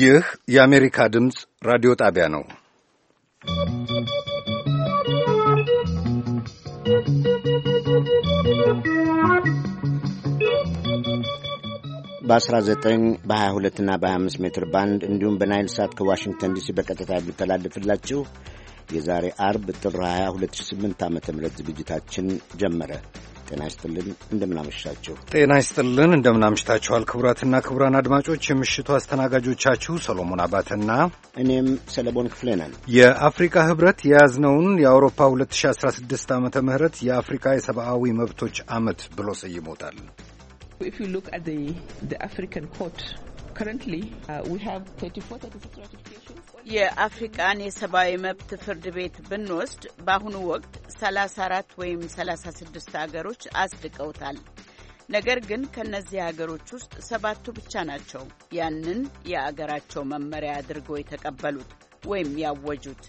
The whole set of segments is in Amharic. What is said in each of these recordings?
ይህ የአሜሪካ ድምፅ ራዲዮ ጣቢያ ነው። በ19 በ22ና በ25 ሜትር ባንድ እንዲሁም በናይል ሳት ከዋሽንግተን ዲሲ በቀጥታ የሚተላልፍላችሁ የዛሬ አርብ ጥር 20 2008 ዓ ም ዝግጅታችን ጀመረ። ጤና ይስጥልን፣ እንደምናመሽታችሁ። ጤና ይስጥልን፣ እንደምናመሽታችኋል። ክቡራትና ክቡራን አድማጮች የምሽቱ አስተናጋጆቻችሁ ሰሎሞን አባተና እኔም ሰለሞን ክፍሌ ነን። የአፍሪካ ህብረት የያዝነውን የአውሮፓ 2016 ዓመተ ምህረት የአፍሪካ የሰብአዊ መብቶች ዓመት ብሎ ሰይሞታል። የአፍሪቃን የሰብአዊ መብት ፍርድ ቤት ብንወስድ በአሁኑ ወቅት 34 ወይም 36 ሀገሮች አጽድቀውታል። ነገር ግን ከእነዚህ ሀገሮች ውስጥ ሰባቱ ብቻ ናቸው ያንን የአገራቸው መመሪያ አድርገው የተቀበሉት ወይም ያወጁት።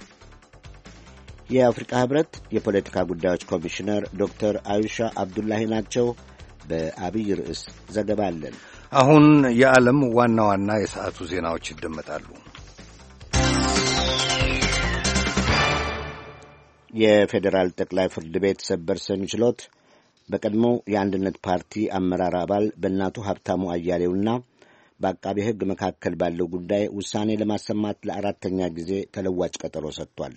የአፍሪካ ህብረት የፖለቲካ ጉዳዮች ኮሚሽነር ዶክተር አዩሻ አብዱላሂ ናቸው። በአብይ ርዕስ ዘገባ አለን። አሁን የዓለም ዋና ዋና የሰዓቱ ዜናዎች ይደመጣሉ። የፌዴራል ጠቅላይ ፍርድ ቤት ሰበር ሰሚ ችሎት በቀድሞው የአንድነት ፓርቲ አመራር አባል በእናቱ ሀብታሙ አያሌውና በአቃቢ ሕግ መካከል ባለው ጉዳይ ውሳኔ ለማሰማት ለአራተኛ ጊዜ ተለዋጭ ቀጠሮ ሰጥቷል።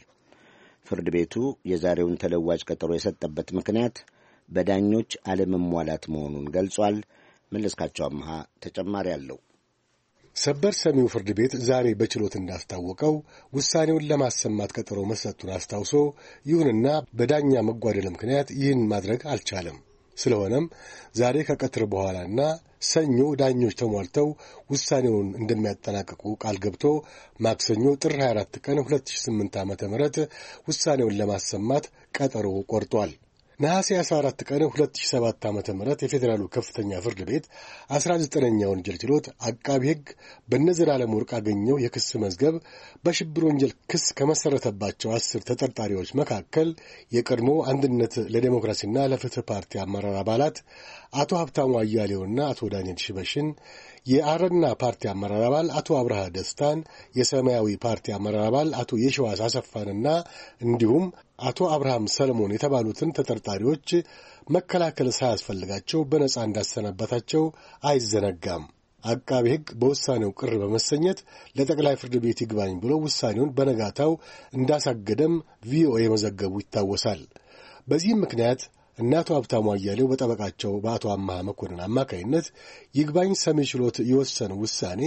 ፍርድ ቤቱ የዛሬውን ተለዋጭ ቀጠሮ የሰጠበት ምክንያት በዳኞች አለመሟላት መሆኑን ገልጿል። መለስካቸው አምሃ ተጨማሪ አለው። ሰበር ሰሚው ፍርድ ቤት ዛሬ በችሎት እንዳስታወቀው ውሳኔውን ለማሰማት ቀጠሮ መሰጡን አስታውሶ ይሁንና በዳኛ መጓደል ምክንያት ይህን ማድረግ አልቻለም። ስለሆነም ዛሬ ከቀትር በኋላና ሰኞ ዳኞች ተሟልተው ውሳኔውን እንደሚያጠናቅቁ ቃል ገብቶ ማክሰኞ ጥር 24 ቀን 2008 ዓ ም ውሳኔውን ለማሰማት ቀጠሮ ቆርጧል። ነሐሴ 14 ቀን 2007 ዓ ም የፌዴራሉ ከፍተኛ ፍርድ ቤት 19ኛ ወንጀል ችሎት አቃቢ ሕግ በነ ዘላለም ወርቅ አገኘው የክስ መዝገብ በሽብር ወንጀል ክስ ከመሠረተባቸው አስር ተጠርጣሪዎች መካከል የቀድሞ አንድነት ለዴሞክራሲና ለፍትህ ፓርቲ አመራር አባላት አቶ ሀብታሙ አያሌውና አቶ ዳንኤል ሽበሽን የአረና ፓርቲ አመራር አባል አቶ አብርሃ ደስታን፣ የሰማያዊ ፓርቲ አመራር አባል አቶ የሸዋስ አሰፋንና እንዲሁም አቶ አብርሃም ሰለሞን የተባሉትን ተጠርጣሪዎች መከላከል ሳያስፈልጋቸው በነጻ እንዳሰናበታቸው አይዘነጋም። አቃቤ ሕግ በውሳኔው ቅር በመሰኘት ለጠቅላይ ፍርድ ቤት ይግባኝ ብሎ ውሳኔውን በነጋታው እንዳሳገደም ቪኦኤ መዘገቡ ይታወሳል። በዚህም ምክንያት እና አቶ ሀብታሙ አያሌው በጠበቃቸው በአቶ አማሃ መኮንን አማካይነት ይግባኝ ሰሚ ችሎት የወሰነው ውሳኔ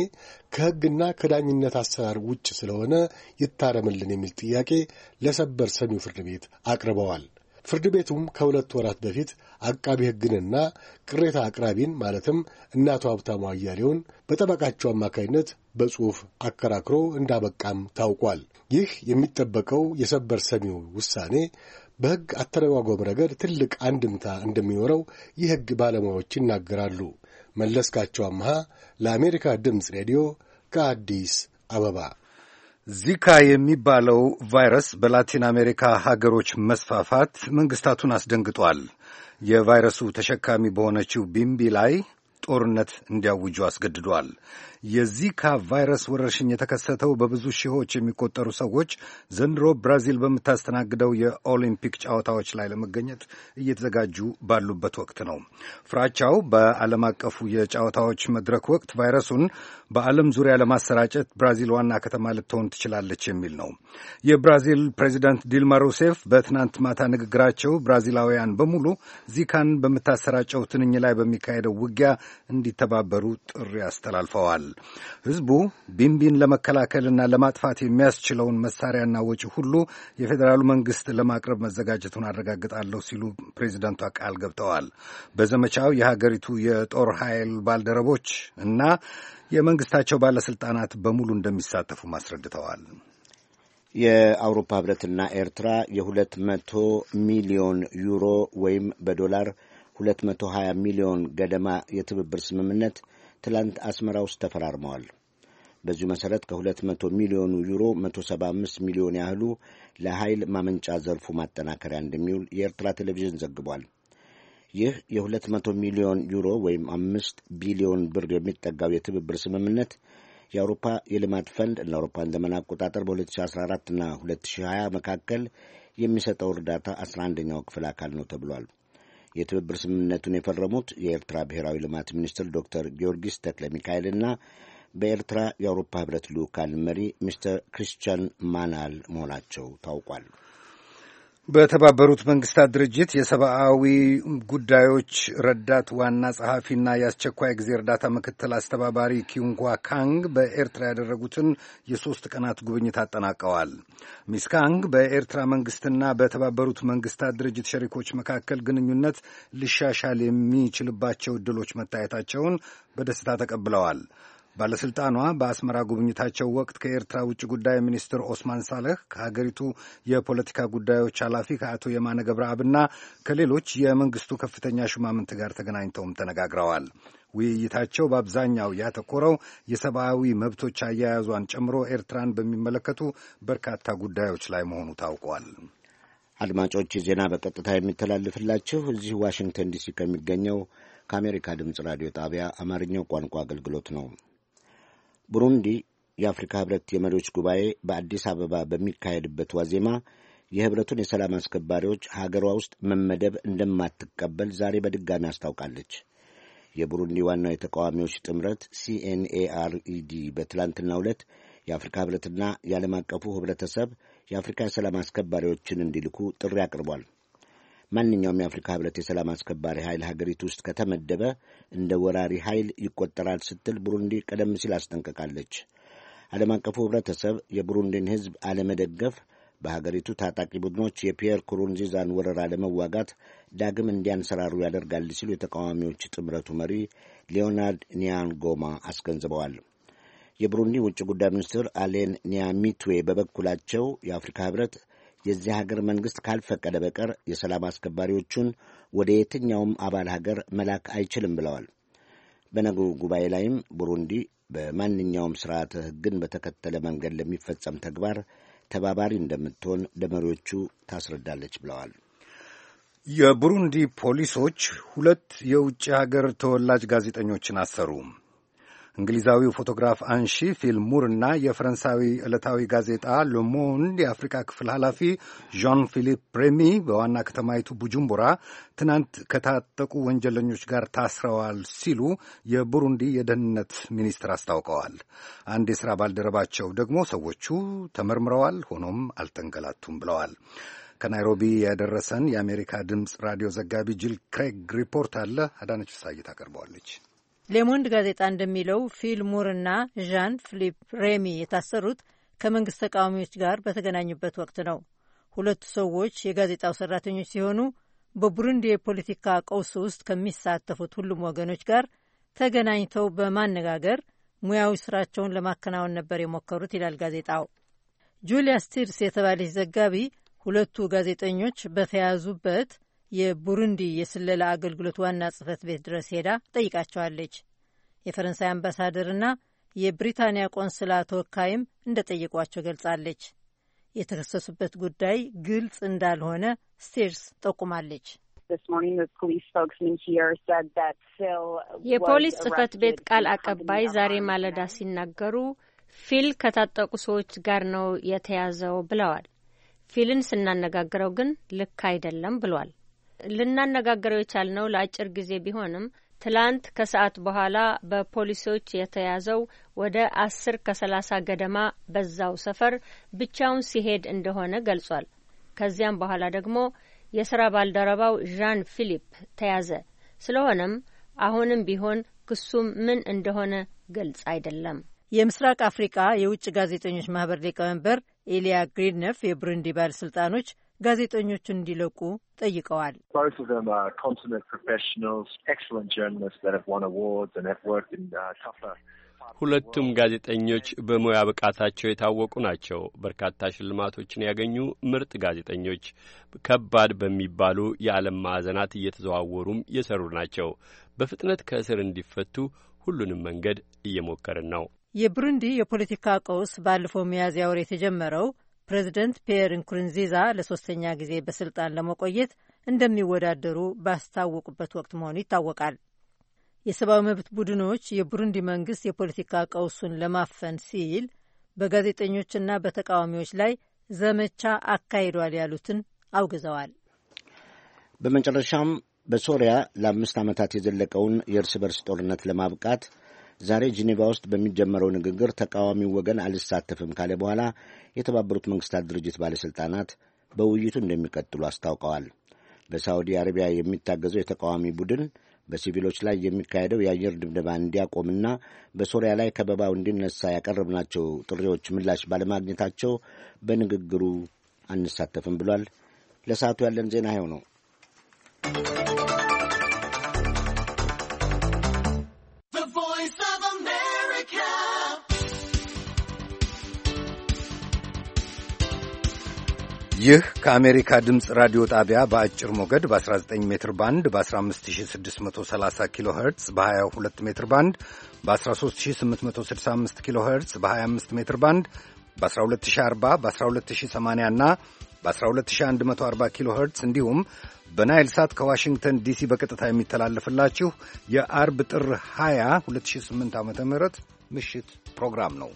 ከሕግና ከዳኝነት አሰራር ውጭ ስለሆነ ይታረምልን የሚል ጥያቄ ለሰበር ሰሚው ፍርድ ቤት አቅርበዋል። ፍርድ ቤቱም ከሁለት ወራት በፊት አቃቢ ሕግንና ቅሬታ አቅራቢን ማለትም እነ አቶ ሀብታሙ አያሌውን በጠበቃቸው አማካይነት በጽሑፍ አከራክሮ እንዳበቃም ታውቋል። ይህ የሚጠበቀው የሰበር ሰሚው ውሳኔ በሕግ አተረጓጎም ረገድ ትልቅ አንድምታ እንደሚኖረው የሕግ ባለሙያዎች ይናገራሉ። መለስካቸው አምሃ ለአሜሪካ ድምፅ ሬዲዮ ከአዲስ አበባ። ዚካ የሚባለው ቫይረስ በላቲን አሜሪካ ሀገሮች መስፋፋት መንግስታቱን አስደንግጧል። የቫይረሱ ተሸካሚ በሆነችው ቢምቢ ላይ ጦርነት እንዲያውጁ አስገድዷል። የዚካ ቫይረስ ወረርሽኝ የተከሰተው በብዙ ሺዎች የሚቆጠሩ ሰዎች ዘንድሮ ብራዚል በምታስተናግደው የኦሊምፒክ ጨዋታዎች ላይ ለመገኘት እየተዘጋጁ ባሉበት ወቅት ነው። ፍራቻው በዓለም አቀፉ የጨዋታዎች መድረክ ወቅት ቫይረሱን በዓለም ዙሪያ ለማሰራጨት ብራዚል ዋና ከተማ ልትሆን ትችላለች የሚል ነው። የብራዚል ፕሬዚዳንት ዲልማ ሩሴፍ በትናንት ማታ ንግግራቸው ብራዚላውያን በሙሉ ዚካን በምታሰራጨው ትንኝ ላይ በሚካሄደው ውጊያ እንዲተባበሩ ጥሪ አስተላልፈዋል። ህዝቡ ቢንቢን ለመከላከልና ለማጥፋት የሚያስችለውን መሳሪያና ወጪ ሁሉ የፌዴራሉ መንግስት ለማቅረብ መዘጋጀቱን አረጋግጣለሁ ሲሉ ፕሬዚደንቷ ቃል ገብተዋል። በዘመቻው የሀገሪቱ የጦር ኃይል ባልደረቦች እና የመንግስታቸው ባለስልጣናት በሙሉ እንደሚሳተፉ አስረድተዋል። የአውሮፓ ህብረትና ኤርትራ የ መቶ ሚሊዮን ዩሮ ወይም በዶላር 220 ሚሊዮን ገደማ የትብብር ስምምነት ትላንት አስመራ ውስጥ ተፈራርመዋል። በዚሁ መሠረት ከ200 ሚሊዮኑ ዩሮ 175 ሚሊዮን ያህሉ ለኃይል ማመንጫ ዘርፉ ማጠናከሪያ እንደሚውል የኤርትራ ቴሌቪዥን ዘግቧል። ይህ የ200 ሚሊዮን ዩሮ ወይም አምስት ቢሊዮን ብር የሚጠጋው የትብብር ስምምነት የአውሮፓ የልማት ፈንድ እንደ አውሮፓን ዘመን አቆጣጠር በ2014 እና 2020 መካከል የሚሰጠው እርዳታ 11ኛው ክፍል አካል ነው ተብሏል። የትብብር ስምምነቱን የፈረሙት የኤርትራ ብሔራዊ ልማት ሚኒስትር ዶክተር ጊዮርጊስ ተክለ ሚካኤል እና በኤርትራ የአውሮፓ ህብረት ልዑካን መሪ ሚስተር ክሪስቲያን ማናል መሆናቸው ታውቋል። በተባበሩት መንግስታት ድርጅት የሰብአዊ ጉዳዮች ረዳት ዋና ጸሐፊና የአስቸኳይ ጊዜ እርዳታ ምክትል አስተባባሪ ኪንጓ ካንግ በኤርትራ ያደረጉትን የሶስት ቀናት ጉብኝት አጠናቀዋል። ሚስ ካንግ በኤርትራ መንግስትና በተባበሩት መንግስታት ድርጅት ሸሪኮች መካከል ግንኙነት ሊሻሻል የሚችልባቸው እድሎች መታየታቸውን በደስታ ተቀብለዋል። ባለሥልጣኗ በአስመራ ጉብኝታቸው ወቅት ከኤርትራ ውጭ ጉዳይ ሚኒስትር ኦስማን ሳለህ ከሀገሪቱ የፖለቲካ ጉዳዮች ኃላፊ ከአቶ የማነ ገብረአብና ከሌሎች የመንግስቱ ከፍተኛ ሹማምንት ጋር ተገናኝተውም ተነጋግረዋል። ውይይታቸው በአብዛኛው ያተኮረው የሰብአዊ መብቶች አያያዟን ጨምሮ ኤርትራን በሚመለከቱ በርካታ ጉዳዮች ላይ መሆኑ ታውቋል። አድማጮች ዜና በቀጥታ የሚተላልፍላችሁ እዚህ ዋሽንግተን ዲሲ ከሚገኘው ከአሜሪካ ድምፅ ራዲዮ ጣቢያ አማርኛው ቋንቋ አገልግሎት ነው። ቡሩንዲ የአፍሪካ ህብረት የመሪዎች ጉባኤ በአዲስ አበባ በሚካሄድበት ዋዜማ የህብረቱን የሰላም አስከባሪዎች ሀገሯ ውስጥ መመደብ እንደማትቀበል ዛሬ በድጋሚ አስታውቃለች። የቡሩንዲ ዋናው የተቃዋሚዎች ጥምረት ሲኤንኤአርኢዲ በትላንትናው ዕለት የአፍሪካ ህብረትና የዓለም አቀፉ ህብረተሰብ የአፍሪካ የሰላም አስከባሪዎችን እንዲልኩ ጥሪ አቅርቧል። ማንኛውም የአፍሪካ ህብረት የሰላም አስከባሪ ኃይል ሀገሪቱ ውስጥ ከተመደበ እንደ ወራሪ ኃይል ይቆጠራል ስትል ቡሩንዲ ቀደም ሲል አስጠንቅቃለች። ዓለም አቀፉ ህብረተሰብ የቡሩንዲን ህዝብ አለመደገፍ በሀገሪቱ ታጣቂ ቡድኖች የፒየር ኩሩንዚዛን ወረራ ለመዋጋት ዳግም እንዲያንሰራሩ ያደርጋል ሲሉ የተቃዋሚዎች ጥምረቱ መሪ ሊዮናርድ ኒያንጎማ አስገንዝበዋል። የብሩንዲ ውጭ ጉዳይ ሚኒስትር አሌን ኒያሚትዌ በበኩላቸው የአፍሪካ ህብረት የዚህ ሀገር መንግሥት ካልፈቀደ በቀር የሰላም አስከባሪዎቹን ወደ የትኛውም አባል ሀገር መላክ አይችልም ብለዋል። በነገው ጉባኤ ላይም ቡሩንዲ በማንኛውም ስርዓተ ሕግን በተከተለ መንገድ ለሚፈጸም ተግባር ተባባሪ እንደምትሆን ለመሪዎቹ ታስረዳለች ብለዋል። የቡሩንዲ ፖሊሶች ሁለት የውጭ ሀገር ተወላጅ ጋዜጠኞችን አሰሩ። እንግሊዛዊው ፎቶግራፍ አንሺ ፊል ሙርና የፈረንሳዊ ዕለታዊ ጋዜጣ ሎሞንድ የአፍሪካ ክፍል ኃላፊ ዣን ፊሊፕ ፕሬሚ በዋና ከተማይቱ ቡጁምቡራ ትናንት ከታጠቁ ወንጀለኞች ጋር ታስረዋል ሲሉ የቡሩንዲ የደህንነት ሚኒስትር አስታውቀዋል። አንድ የሥራ ባልደረባቸው ደግሞ ሰዎቹ ተመርምረዋል፣ ሆኖም አልተንገላቱም ብለዋል። ከናይሮቢ ያደረሰን የአሜሪካ ድምፅ ራዲዮ ዘጋቢ ጂል ክሬግ ሪፖርት አለ። አዳነች ፍሳይ ታቀርበዋለች። ሌሞንድ ጋዜጣ እንደሚለው ፊል ፊልሙርና ዣን ፊሊፕ ሬሚ የታሰሩት ከመንግስት ተቃዋሚዎች ጋር በተገናኙበት ወቅት ነው። ሁለቱ ሰዎች የጋዜጣው ሰራተኞች ሲሆኑ በቡሩንዲ የፖለቲካ ቀውስ ውስጥ ከሚሳተፉት ሁሉም ወገኖች ጋር ተገናኝተው በማነጋገር ሙያዊ ስራቸውን ለማከናወን ነበር የሞከሩት ይላል ጋዜጣው። ጁሊያ ስቲርስ የተባለች ዘጋቢ ሁለቱ ጋዜጠኞች በተያዙበት የቡሩንዲ የስለላ አገልግሎት ዋና ጽህፈት ቤት ድረስ ሄዳ ጠይቃቸዋለች። የፈረንሳይ አምባሳደርና የብሪታንያ ቆንስላ ተወካይም እንደ ጠየቋቸው ገልጻለች። የተከሰሱበት ጉዳይ ግልጽ እንዳልሆነ ስቴርስ ጠቁማለች። የፖሊስ ጽህፈት ቤት ቃል አቀባይ ዛሬ ማለዳ ሲናገሩ ፊል ከታጠቁ ሰዎች ጋር ነው የተያዘው ብለዋል። ፊልን ስናነጋግረው ግን ልክ አይደለም ብሏል። ልናነጋግረው የቻልነው ለአጭር ጊዜ ቢሆንም ትላንት ከሰዓት በኋላ በፖሊሶች የተያዘው ወደ አስር ከሰላሳ ገደማ በዛው ሰፈር ብቻውን ሲሄድ እንደሆነ ገልጿል። ከዚያም በኋላ ደግሞ የስራ ባልደረባው ዣን ፊሊፕ ተያዘ። ስለሆነም አሁንም ቢሆን ክሱም ምን እንደሆነ ግልጽ አይደለም። የምስራቅ አፍሪቃ የውጭ ጋዜጠኞች ማህበር ሊቀመንበር ኤልያ ግሪድነፍ የብሩንዲ ባለስልጣኖች ጋዜጠኞቹን እንዲለቁ ጠይቀዋል። uh, ሁለቱም ጋዜጠኞች በሙያ ብቃታቸው የታወቁ ናቸው። በርካታ ሽልማቶችን ያገኙ ምርጥ ጋዜጠኞች፣ ከባድ በሚባሉ የዓለም ማዕዘናት እየተዘዋወሩም የሰሩ ናቸው። በፍጥነት ከእስር እንዲፈቱ ሁሉንም መንገድ እየሞከርን ነው። የብሩንዲ የፖለቲካ ቀውስ ባለፈው ሚያዝያ ወር የተጀመረው ፕሬዚደንት ፒየር ንኩርንዚዛ ለሶስተኛ ጊዜ በስልጣን ለመቆየት እንደሚወዳደሩ ባስታወቁበት ወቅት መሆኑ ይታወቃል። የሰብአዊ መብት ቡድኖች የቡሩንዲ መንግስት የፖለቲካ ቀውሱን ለማፈን ሲል በጋዜጠኞችና በተቃዋሚዎች ላይ ዘመቻ አካሂዷል ያሉትን አውግዘዋል። በመጨረሻም በሶሪያ ለአምስት ዓመታት የዘለቀውን የእርስ በርስ ጦርነት ለማብቃት ዛሬ ጄኔቫ ውስጥ በሚጀመረው ንግግር ተቃዋሚው ወገን አልሳተፍም ካለ በኋላ የተባበሩት መንግስታት ድርጅት ባለሥልጣናት በውይይቱ እንደሚቀጥሉ አስታውቀዋል። በሳዑዲ አረቢያ የሚታገዘው የተቃዋሚ ቡድን በሲቪሎች ላይ የሚካሄደው የአየር ድብደባ እንዲያቆምና በሶሪያ ላይ ከበባው እንዲነሳ ያቀረብናቸው ጥሪዎች ምላሽ ባለማግኘታቸው በንግግሩ አንሳተፍም ብሏል። ለሰዓቱ ያለን ዜና ይኸው ነው። ይህ ከአሜሪካ ድምፅ ራዲዮ ጣቢያ በአጭር ሞገድ በ19 ሜትር ባንድ በ15630 ኪሎ ኸርትዝ በ22 ሜትር ባንድ በ13865 ኪሎ ኸርትዝ በ25 ሜትር ባንድ በ12040 በ12080 እና በ12140 ኪሎ ኸርትዝ እንዲሁም በናይል ሳት ከዋሽንግተን ዲሲ በቀጥታ የሚተላለፍላችሁ የአርብ ጥር 20 2008 ዓ ም ምሽት ፕሮግራም ነው።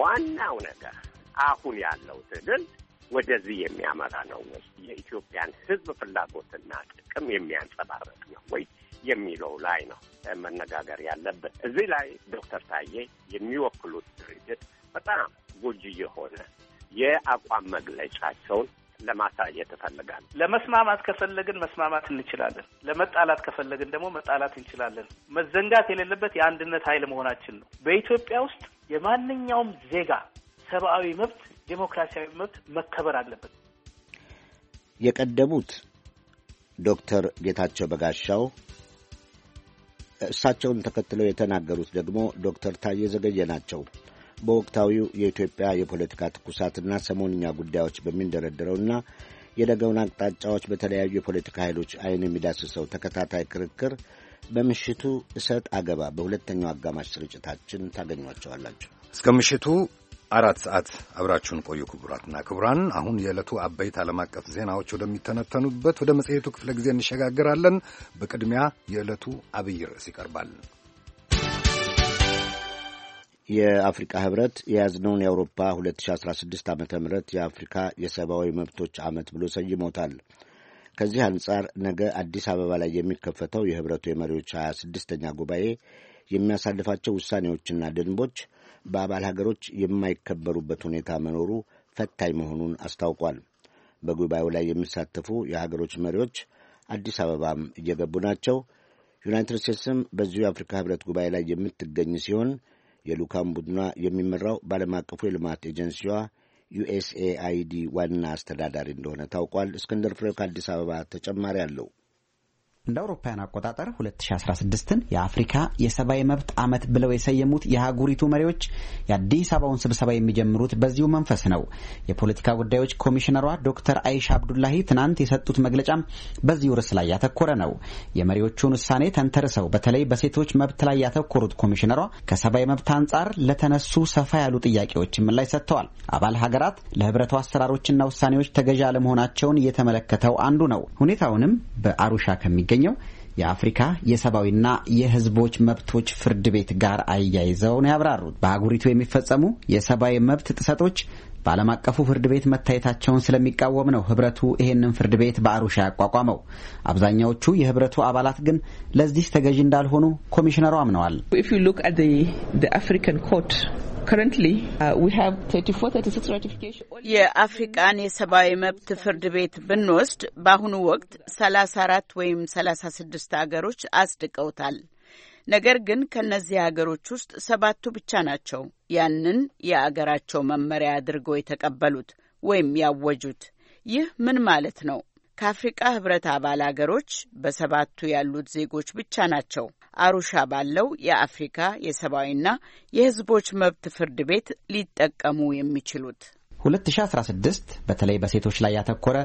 ዋናው ነገር አሁን ያለው ትግል ወደዚህ የሚያመራ ነው ወይ የኢትዮጵያን ሕዝብ ፍላጎትና ጥቅም የሚያንጸባረቅ ነው ወይ የሚለው ላይ ነው መነጋገር ያለበት። እዚህ ላይ ዶክተር ታዬ የሚወክሉት ድርጅት በጣም ጎጂ የሆነ የአቋም መግለጫቸውን ለማሳየት እፈልጋለሁ። ለመስማማት ከፈለግን መስማማት እንችላለን። ለመጣላት ከፈለግን ደግሞ መጣላት እንችላለን። መዘንጋት የሌለበት የአንድነት ኃይል መሆናችን ነው። በኢትዮጵያ ውስጥ የማንኛውም ዜጋ ሰብአዊ መብት ዴሞክራሲያዊ መብት መከበር አለበት። የቀደሙት ዶክተር ጌታቸው በጋሻው እሳቸውን ተከትለው የተናገሩት ደግሞ ዶክተር ታዬ ዘገየ ናቸው። በወቅታዊው የኢትዮጵያ የፖለቲካ ትኩሳትና ሰሞንኛ ጉዳዮች በሚንደረድረውና የነገውን አቅጣጫዎች በተለያዩ የፖለቲካ ኃይሎች አይን የሚዳስሰው ተከታታይ ክርክር በምሽቱ እሰጥ አገባ በሁለተኛው አጋማሽ ስርጭታችን ታገኟቸዋላችሁ። እስከ ምሽቱ አራት ሰዓት አብራችሁን ቆዩ። ክቡራትና ክቡራን፣ አሁን የዕለቱ አበይት ዓለም አቀፍ ዜናዎች ወደሚተነተኑበት ወደ መጽሔቱ ክፍለ ጊዜ እንሸጋግራለን። በቅድሚያ የዕለቱ አብይ ርዕስ ይቀርባል። የአፍሪቃ ህብረት የያዝነውን የአውሮፓ 2016 ዓ ም የአፍሪካ የሰብአዊ መብቶች ዓመት ብሎ ሰይሞታል። ከዚህ አንጻር ነገ አዲስ አበባ ላይ የሚከፈተው የህብረቱ የመሪዎች 26ኛ ጉባኤ የሚያሳልፋቸው ውሳኔዎችና ደንቦች በአባል ሀገሮች የማይከበሩበት ሁኔታ መኖሩ ፈታኝ መሆኑን አስታውቋል። በጉባኤው ላይ የሚሳተፉ የሀገሮች መሪዎች አዲስ አበባም እየገቡ ናቸው። ዩናይትድ ስቴትስም በዚሁ የአፍሪካ ህብረት ጉባኤ ላይ የምትገኝ ሲሆን የልዑካን ቡድኗ የሚመራው በዓለም አቀፉ የልማት ኤጀንሲዋ ዩኤስኤአይዲ ዋና አስተዳዳሪ እንደሆነ ታውቋል። እስክንድር ፍሬው ከአዲስ አበባ ተጨማሪ አለው። እንደ አውሮፓውያን አቆጣጠር 2016ን የአፍሪካ የሰብአዊ መብት ዓመት ብለው የሰየሙት የአህጉሪቱ መሪዎች የአዲስ አበባውን ስብሰባ የሚጀምሩት በዚሁ መንፈስ ነው። የፖለቲካ ጉዳዮች ኮሚሽነሯ ዶክተር አይሻ አብዱላሂ ትናንት የሰጡት መግለጫም በዚሁ ርዕስ ላይ ያተኮረ ነው። የመሪዎቹን ውሳኔ ተንተርሰው በተለይ በሴቶች መብት ላይ ያተኮሩት ኮሚሽነሯ ከሰብአዊ መብት አንጻር ለተነሱ ሰፋ ያሉ ጥያቄዎች ምላሽ ሰጥተዋል። አባል ሀገራት ለህብረቱ አሰራሮችና ውሳኔዎች ተገዣ አለመሆናቸውን እየተመለከተው አንዱ ነው። ሁኔታውንም በአሩሻ ከሚገ ከሚገኘው የአፍሪካ የሰብአዊና የሕዝቦች መብቶች ፍርድ ቤት ጋር አያይዘው ነው ያብራሩት። በአህጉሪቱ የሚፈጸሙ የሰብአዊ መብት ጥሰቶች በዓለም አቀፉ ፍርድ ቤት መታየታቸውን ስለሚቃወም ነው ህብረቱ ይህንን ፍርድ ቤት በአሩሻ ያቋቋመው። አብዛኛዎቹ የህብረቱ አባላት ግን ለዚህ ተገዢ እንዳልሆኑ ኮሚሽነሩ አምነዋል። Uh, የአፍሪቃን የሰብአዊ መብት ፍርድ ቤት ብንወስድ በአሁኑ ወቅት 34 ወይም 36 ሀገሮች አጽድቀውታል። ነገር ግን ከእነዚህ ሀገሮች ውስጥ ሰባቱ ብቻ ናቸው ያንን የአገራቸው መመሪያ አድርገው የተቀበሉት ወይም ያወጁት። ይህ ምን ማለት ነው? ከአፍሪቃ ህብረት አባል አገሮች በሰባቱ ያሉት ዜጎች ብቻ ናቸው አሩሻ ባለው የአፍሪካ የሰብአዊና የህዝቦች መብት ፍርድ ቤት ሊጠቀሙ የሚችሉት። 2016 በተለይ በሴቶች ላይ ያተኮረ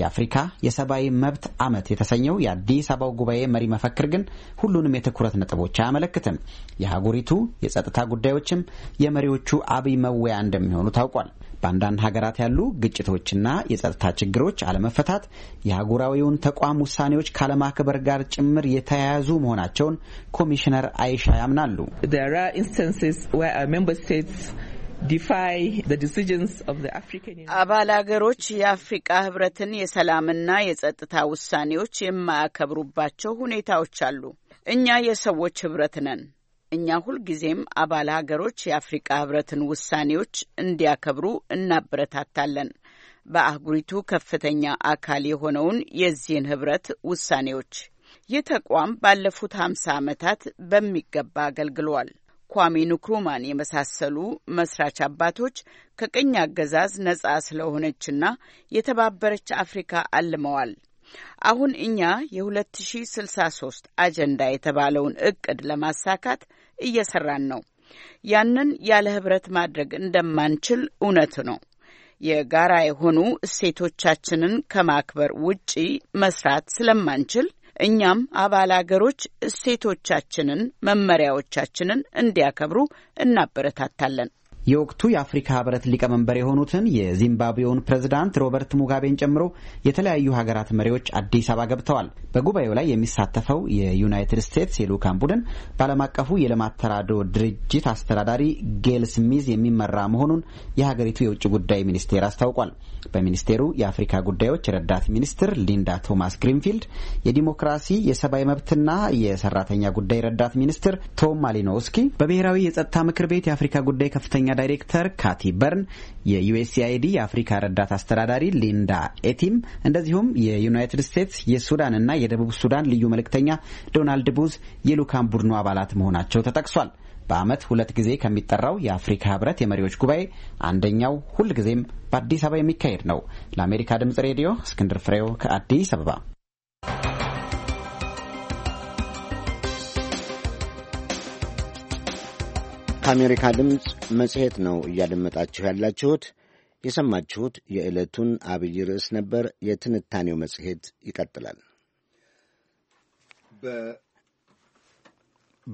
የአፍሪካ የሰብአዊ መብት ዓመት የተሰኘው የአዲስ አበባው ጉባኤ መሪ መፈክር ግን ሁሉንም የትኩረት ነጥቦች አያመለክትም። የሀገሪቱ የጸጥታ ጉዳዮችም የመሪዎቹ አብይ መወያ እንደሚሆኑ ታውቋል። በአንዳንድ ሀገራት ያሉ ግጭቶችና የጸጥታ ችግሮች አለመፈታት የአህጉራዊውን ተቋም ውሳኔዎች ካለማክበር ጋር ጭምር የተያያዙ መሆናቸውን ኮሚሽነር አይሻ ያምናሉ። አባል አገሮች የአፍሪቃ ህብረትን የሰላምና የጸጥታ ውሳኔዎች የማያከብሩባቸው ሁኔታዎች አሉ። እኛ የሰዎች ህብረት ነን። እኛ ሁልጊዜም አባል ሀገሮች የአፍሪቃ ህብረትን ውሳኔዎች እንዲያከብሩ እናበረታታለን። በአህጉሪቱ ከፍተኛ አካል የሆነውን የዚህን ህብረት ውሳኔዎች ይህ ተቋም ባለፉት ሀምሳ ዓመታት በሚገባ አገልግሏል። ኳሚ ንክሩማን የመሳሰሉ መስራች አባቶች ከቅኝ አገዛዝ ነጻ ስለሆነችና የተባበረች አፍሪካ አልመዋል። አሁን እኛ የ2063 አጀንዳ የተባለውን እቅድ ለማሳካት እየሰራን ነው። ያንን ያለ ህብረት ማድረግ እንደማንችል እውነት ነው። የጋራ የሆኑ እሴቶቻችንን ከማክበር ውጪ መስራት ስለማንችል እኛም አባል አገሮች እሴቶቻችንን፣ መመሪያዎቻችንን እንዲያከብሩ እናበረታታለን። የወቅቱ የአፍሪካ ህብረት ሊቀመንበር የሆኑትን የዚምባብዌውን ፕሬዝዳንት ሮበርት ሙጋቤን ጨምሮ የተለያዩ ሀገራት መሪዎች አዲስ አበባ ገብተዋል። በጉባኤው ላይ የሚሳተፈው የዩናይትድ ስቴትስ የልኡካን ቡድን በዓለም አቀፉ የልማት ተራድኦ ድርጅት አስተዳዳሪ ጌል ስሚዝ የሚመራ መሆኑን የሀገሪቱ የውጭ ጉዳይ ሚኒስቴር አስታውቋል። በሚኒስቴሩ የአፍሪካ ጉዳዮች ረዳት ሚኒስትር ሊንዳ ቶማስ ግሪንፊልድ፣ የዲሞክራሲ የሰብአዊ መብትና የሰራተኛ ጉዳይ ረዳት ሚኒስትር ቶም ማሊኖውስኪ፣ በብሔራዊ የጸጥታ ምክር ቤት የአፍሪካ ጉዳይ ከፍተኛ ዳይሬክተር ካቲ በርን፣ የዩኤስኤአይዲ የአፍሪካ ረዳት አስተዳዳሪ ሊንዳ ኤቲም፣ እንደዚሁም የዩናይትድ ስቴትስ የሱዳንና የደቡብ ሱዳን ልዩ መልእክተኛ ዶናልድ ቡዝ የልዑካን ቡድኑ አባላት መሆናቸው ተጠቅሷል። በዓመት ሁለት ጊዜ ከሚጠራው የአፍሪካ ህብረት የመሪዎች ጉባኤ አንደኛው ሁልጊዜም በአዲስ አበባ የሚካሄድ ነው። ለአሜሪካ ድምጽ ሬዲዮ እስክንድር ፍሬው ከአዲስ አበባ ከአሜሪካ ድምፅ መጽሔት ነው እያደመጣችሁ ያላችሁት። የሰማችሁት የዕለቱን አብይ ርዕስ ነበር። የትንታኔው መጽሔት ይቀጥላል።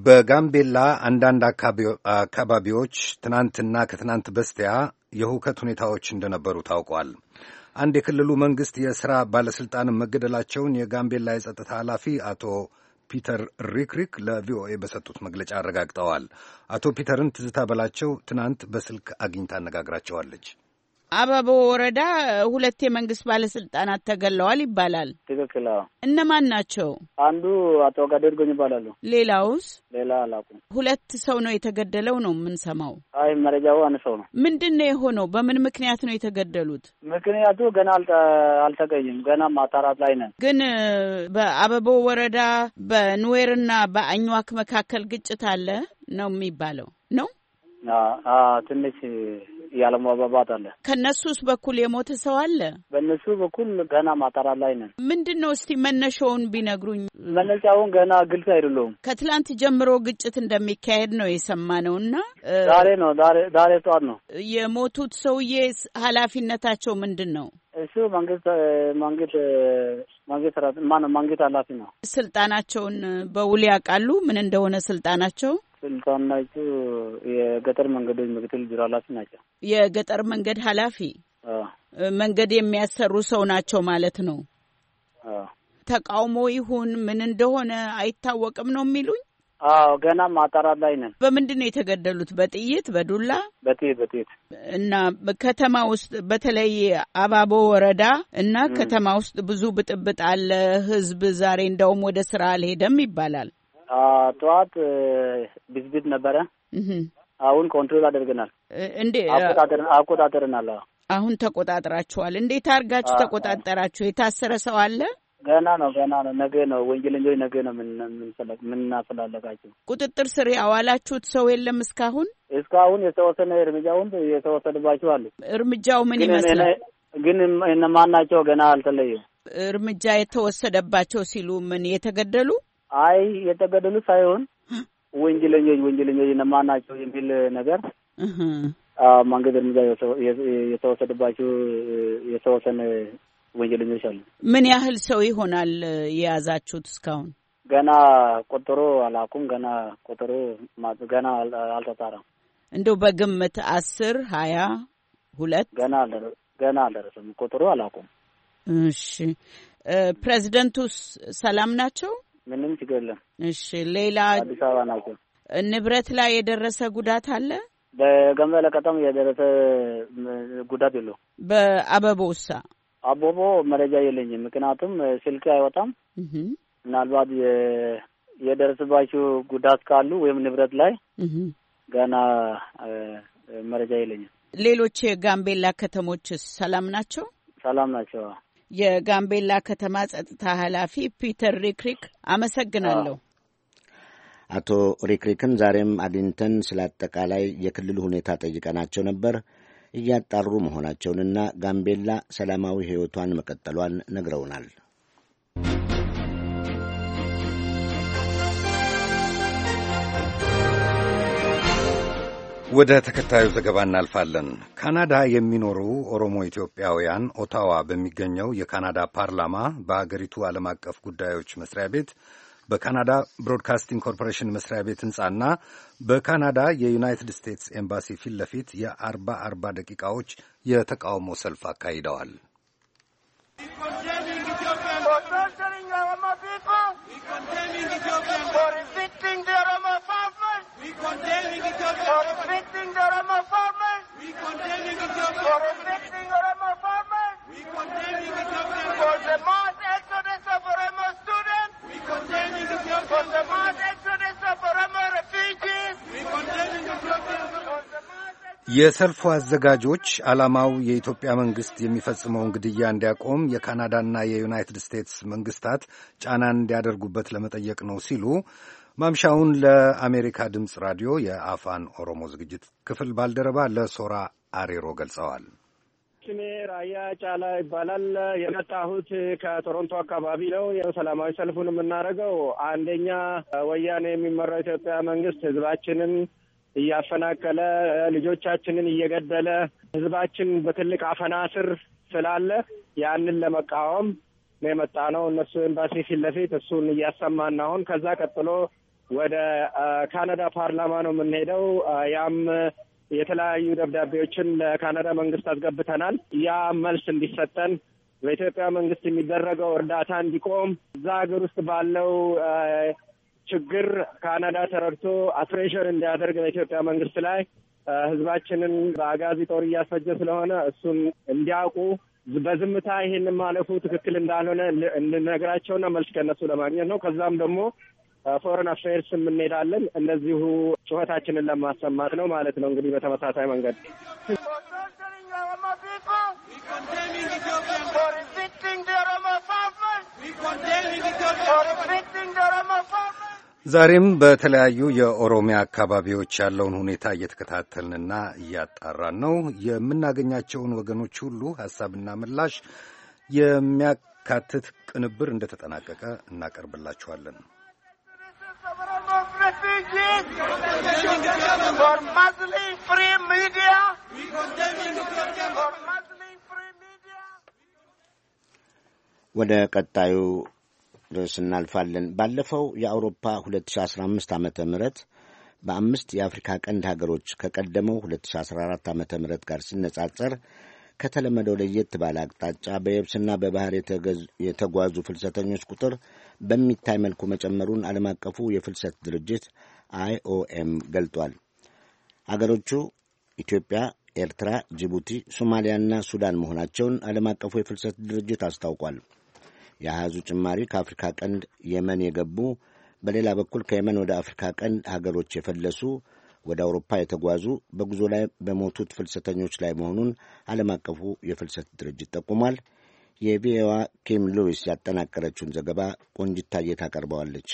በጋምቤላ አንዳንድ አካባቢዎች ትናንትና ከትናንት በስቲያ የሁከት ሁኔታዎች እንደነበሩ ታውቋል። አንድ የክልሉ መንግሥት የሥራ ባለሥልጣንም መገደላቸውን የጋምቤላ የጸጥታ ኃላፊ አቶ ፒተር ሪክሪክ ለቪኦኤ በሰጡት መግለጫ አረጋግጠዋል። አቶ ፒተርን ትዝታ በላቸው ትናንት በስልክ አግኝታ አነጋግራቸዋለች። አበበ ወረዳ ሁለት የመንግስት ባለስልጣናት ተገለዋል ይባላል። ትክክል። እነማን ናቸው? አንዱ አቶ ጋዴ ድጎኝ ይባላሉ። ሌላውስ? ሌላ አላውቅም። ሁለት ሰው ነው የተገደለው ነው የምንሰማው። አይ መረጃው አንድ ሰው ነው። ምንድን ነው የሆነው? በምን ምክንያት ነው የተገደሉት? ምክንያቱ ገና አልተገኝም። ገና ማጣራት ላይ ነን። ግን በአበበ ወረዳ በኑዌርና በአኝዋክ መካከል ግጭት አለ ነው የሚባለው ነው ትንሽ ያለመግባባት አለ። ከእነሱስ በኩል የሞተ ሰው አለ? በእነሱ በኩል ገና ማጣራ ላይ ነን። ምንድን ነው እስቲ መነሻውን ቢነግሩኝ። መነሻውን ገና ግልጽ አይደለውም። ከትላንት ጀምሮ ግጭት እንደሚካሄድ ነው የሰማ ነው እና ዛሬ ነው ዛሬ ጠዋት ነው የሞቱት። ሰውዬ ኃላፊነታቸው ምንድን ነው? እሱ መንግስት መንግስት መንግስት ማነው መንግስት ኃላፊ ነው። ስልጣናቸውን በውል ያውቃሉ ምን እንደሆነ ስልጣናቸው ስልጣን ናቸው። የገጠር መንገዶች ምክትል ቢሮ ኃላፊ ናቸው። የገጠር መንገድ ኃላፊ መንገድ የሚያሰሩ ሰው ናቸው ማለት ነው። ተቃውሞ ይሁን ምን እንደሆነ አይታወቅም ነው የሚሉኝ። አዎ ገና ማጣራት ላይ ነን። በምንድን ነው የተገደሉት? በጥይት በዱላ? በጥይት በጥይት። እና ከተማ ውስጥ በተለይ አባቦ ወረዳ እና ከተማ ውስጥ ብዙ ብጥብጥ አለ። ህዝብ ዛሬ እንደውም ወደ ስራ አልሄደም ይባላል። ጠዋት ብዝብዝ ነበረ። አሁን ኮንትሮል አድርገናል። እንዴ አቆጣጠርናል። አሁን ተቆጣጥራችኋል? እንዴት አድርጋችሁ ተቆጣጠራችሁ? የታሰረ ሰው አለ? ገና ነው ገና ነው። ነገ ነው ወንጀለኞች፣ ነገ ነው ምናፈላለጋቸው። ቁጥጥር ስር ያዋላችሁት ሰው የለም እስካሁን? እስካሁን የተወሰነ እርምጃውን የተወሰደባችሁ አሉ። እርምጃው ምን ይመስላል? ግን እነማን ናቸው ገና አልተለየም። እርምጃ የተወሰደባቸው ሲሉ ምን የተገደሉ አይ የተገደሉ ሳይሆን ወንጀለኞች ወንጀለኞች እነማን ናቸው የሚል ነገር መንገድ እርምጃ የተወሰደባቸው የተወሰነ ወንጀለኞች አሉ። ምን ያህል ሰው ይሆናል የያዛችሁት እስካሁን? ገና ቆጠሮ አላኩም። ገና ቆጠሮ ገና አልተጣራም። እንደው በግምት አስር ሀያ ሁለት ገና ገና አልደረሰም። ቆጠሮ አላኩም። እሺ ፕሬዚደንቱስ ሰላም ናቸው? ምንም ችግር የለም። እሺ፣ ሌላ አዲስ አበባ ናቸው። ንብረት ላይ የደረሰ ጉዳት አለ? በገንበለ ቀጠም የደረሰ ጉዳት የለው። በአበቦ ውሳ አበቦ መረጃ የለኝም፣ ምክንያቱም ስልክ አይወጣም። ምናልባት የደረሰባቸው ጉዳት ካሉ ወይም ንብረት ላይ ገና መረጃ የለኝም። ሌሎች የጋምቤላ ከተሞች ሰላም ናቸው? ሰላም ናቸው። የጋምቤላ ከተማ ጸጥታ ኃላፊ ፒተር ሪክሪክ አመሰግናለሁ። አቶ ሪክሪክን ዛሬም አግኝተን ስለ አጠቃላይ የክልሉ ሁኔታ ጠይቀናቸው ነበር። እያጣሩ መሆናቸውንና ጋምቤላ ሰላማዊ ሕይወቷን መቀጠሏን ነግረውናል። ወደ ተከታዩ ዘገባ እናልፋለን። ካናዳ የሚኖሩ ኦሮሞ ኢትዮጵያውያን ኦታዋ በሚገኘው የካናዳ ፓርላማ በአገሪቱ ዓለም አቀፍ ጉዳዮች መስሪያ ቤት በካናዳ ብሮድካስቲንግ ኮርፖሬሽን መስሪያ ቤት ህንፃና በካናዳ የዩናይትድ ስቴትስ ኤምባሲ ፊት ለፊት የአርባ አርባ ደቂቃዎች የተቃውሞ ሰልፍ አካሂደዋል። የሰልፉ አዘጋጆች ዓላማው የኢትዮጵያ መንግሥት የሚፈጽመውን ግድያ እንዲያቆም የካናዳና የዩናይትድ ስቴትስ መንግሥታት ጫና እንዲያደርጉበት ለመጠየቅ ነው ሲሉ ማምሻውን ለአሜሪካ ድምፅ ራዲዮ የአፋን ኦሮሞ ዝግጅት ክፍል ባልደረባ ለሶራ አሬሮ ገልጸዋል። ስሜ ራያ ጫላ ይባላል። የመጣሁት ከቶሮንቶ አካባቢ ነው። ሰላማዊ ሰልፉን የምናደርገው አንደኛ ወያኔ የሚመራው ኢትዮጵያ መንግስት ህዝባችንን እያፈናቀለ ልጆቻችንን እየገደለ ህዝባችን በትልቅ አፈና ስር ስላለ ያንን ለመቃወም የመጣ ነው። እነሱ ኤምባሲ ፊት ለፊት እሱን እያሰማን አሁን ከዛ ቀጥሎ ወደ ካናዳ ፓርላማ ነው የምንሄደው። ያም የተለያዩ ደብዳቤዎችን ለካናዳ መንግስት አስገብተናል። ያ መልስ እንዲሰጠን በኢትዮጵያ መንግስት የሚደረገው እርዳታ እንዲቆም እዛ ሀገር ውስጥ ባለው ችግር ካናዳ ተረድቶ አፕሬሽን እንዲያደርግ በኢትዮጵያ መንግስት ላይ ህዝባችንን በአጋዚ ጦር እያስፈጀ ስለሆነ እሱን እንዲያውቁ በዝምታ ይህን ማለፉ ትክክል እንዳልሆነ እንድነግራቸውና መልስ ከነሱ ለማግኘት ነው። ከዛም ደግሞ ፎረን አፌርስ የምንሄዳለን። እንደዚሁ ጩኸታችንን ለማሰማት ነው ማለት ነው። እንግዲህ በተመሳሳይ መንገድ ዛሬም በተለያዩ የኦሮሚያ አካባቢዎች ያለውን ሁኔታ እየተከታተልንና እያጣራን ነው። የምናገኛቸውን ወገኖች ሁሉ ሐሳብና ምላሽ የሚያካትት ቅንብር እንደተጠናቀቀ እናቀርብላችኋለን። visit for ወደ ቀጣዩ ርዕስ እናልፋለን። ባለፈው የአውሮፓ 2015 ዓ ም በአምስት የአፍሪካ ቀንድ ሀገሮች ከቀደመው 2014 ዓ ም ጋር ሲነጻጸር ከተለመደው ለየት ባለ አቅጣጫ በየብስና በባህር የተጓዙ ፍልሰተኞች ቁጥር በሚታይ መልኩ መጨመሩን ዓለም አቀፉ የፍልሰት ድርጅት አይኦኤም ገልጧል። አገሮቹ ኢትዮጵያ፣ ኤርትራ፣ ጅቡቲ፣ ሶማሊያና ሱዳን መሆናቸውን ዓለም አቀፉ የፍልሰት ድርጅት አስታውቋል። የአሃዙ ጭማሪ ከአፍሪካ ቀንድ የመን የገቡ በሌላ በኩል ከየመን ወደ አፍሪካ ቀንድ ሀገሮች የፈለሱ ወደ አውሮፓ የተጓዙ በጉዞ ላይ በሞቱት ፍልሰተኞች ላይ መሆኑን ዓለም አቀፉ የፍልሰት ድርጅት ጠቁሟል። የቪኦኤዋ ኪም ሉዊስ ያጠናቀረችውን ዘገባ ቆንጅታየት አቀርበዋለች።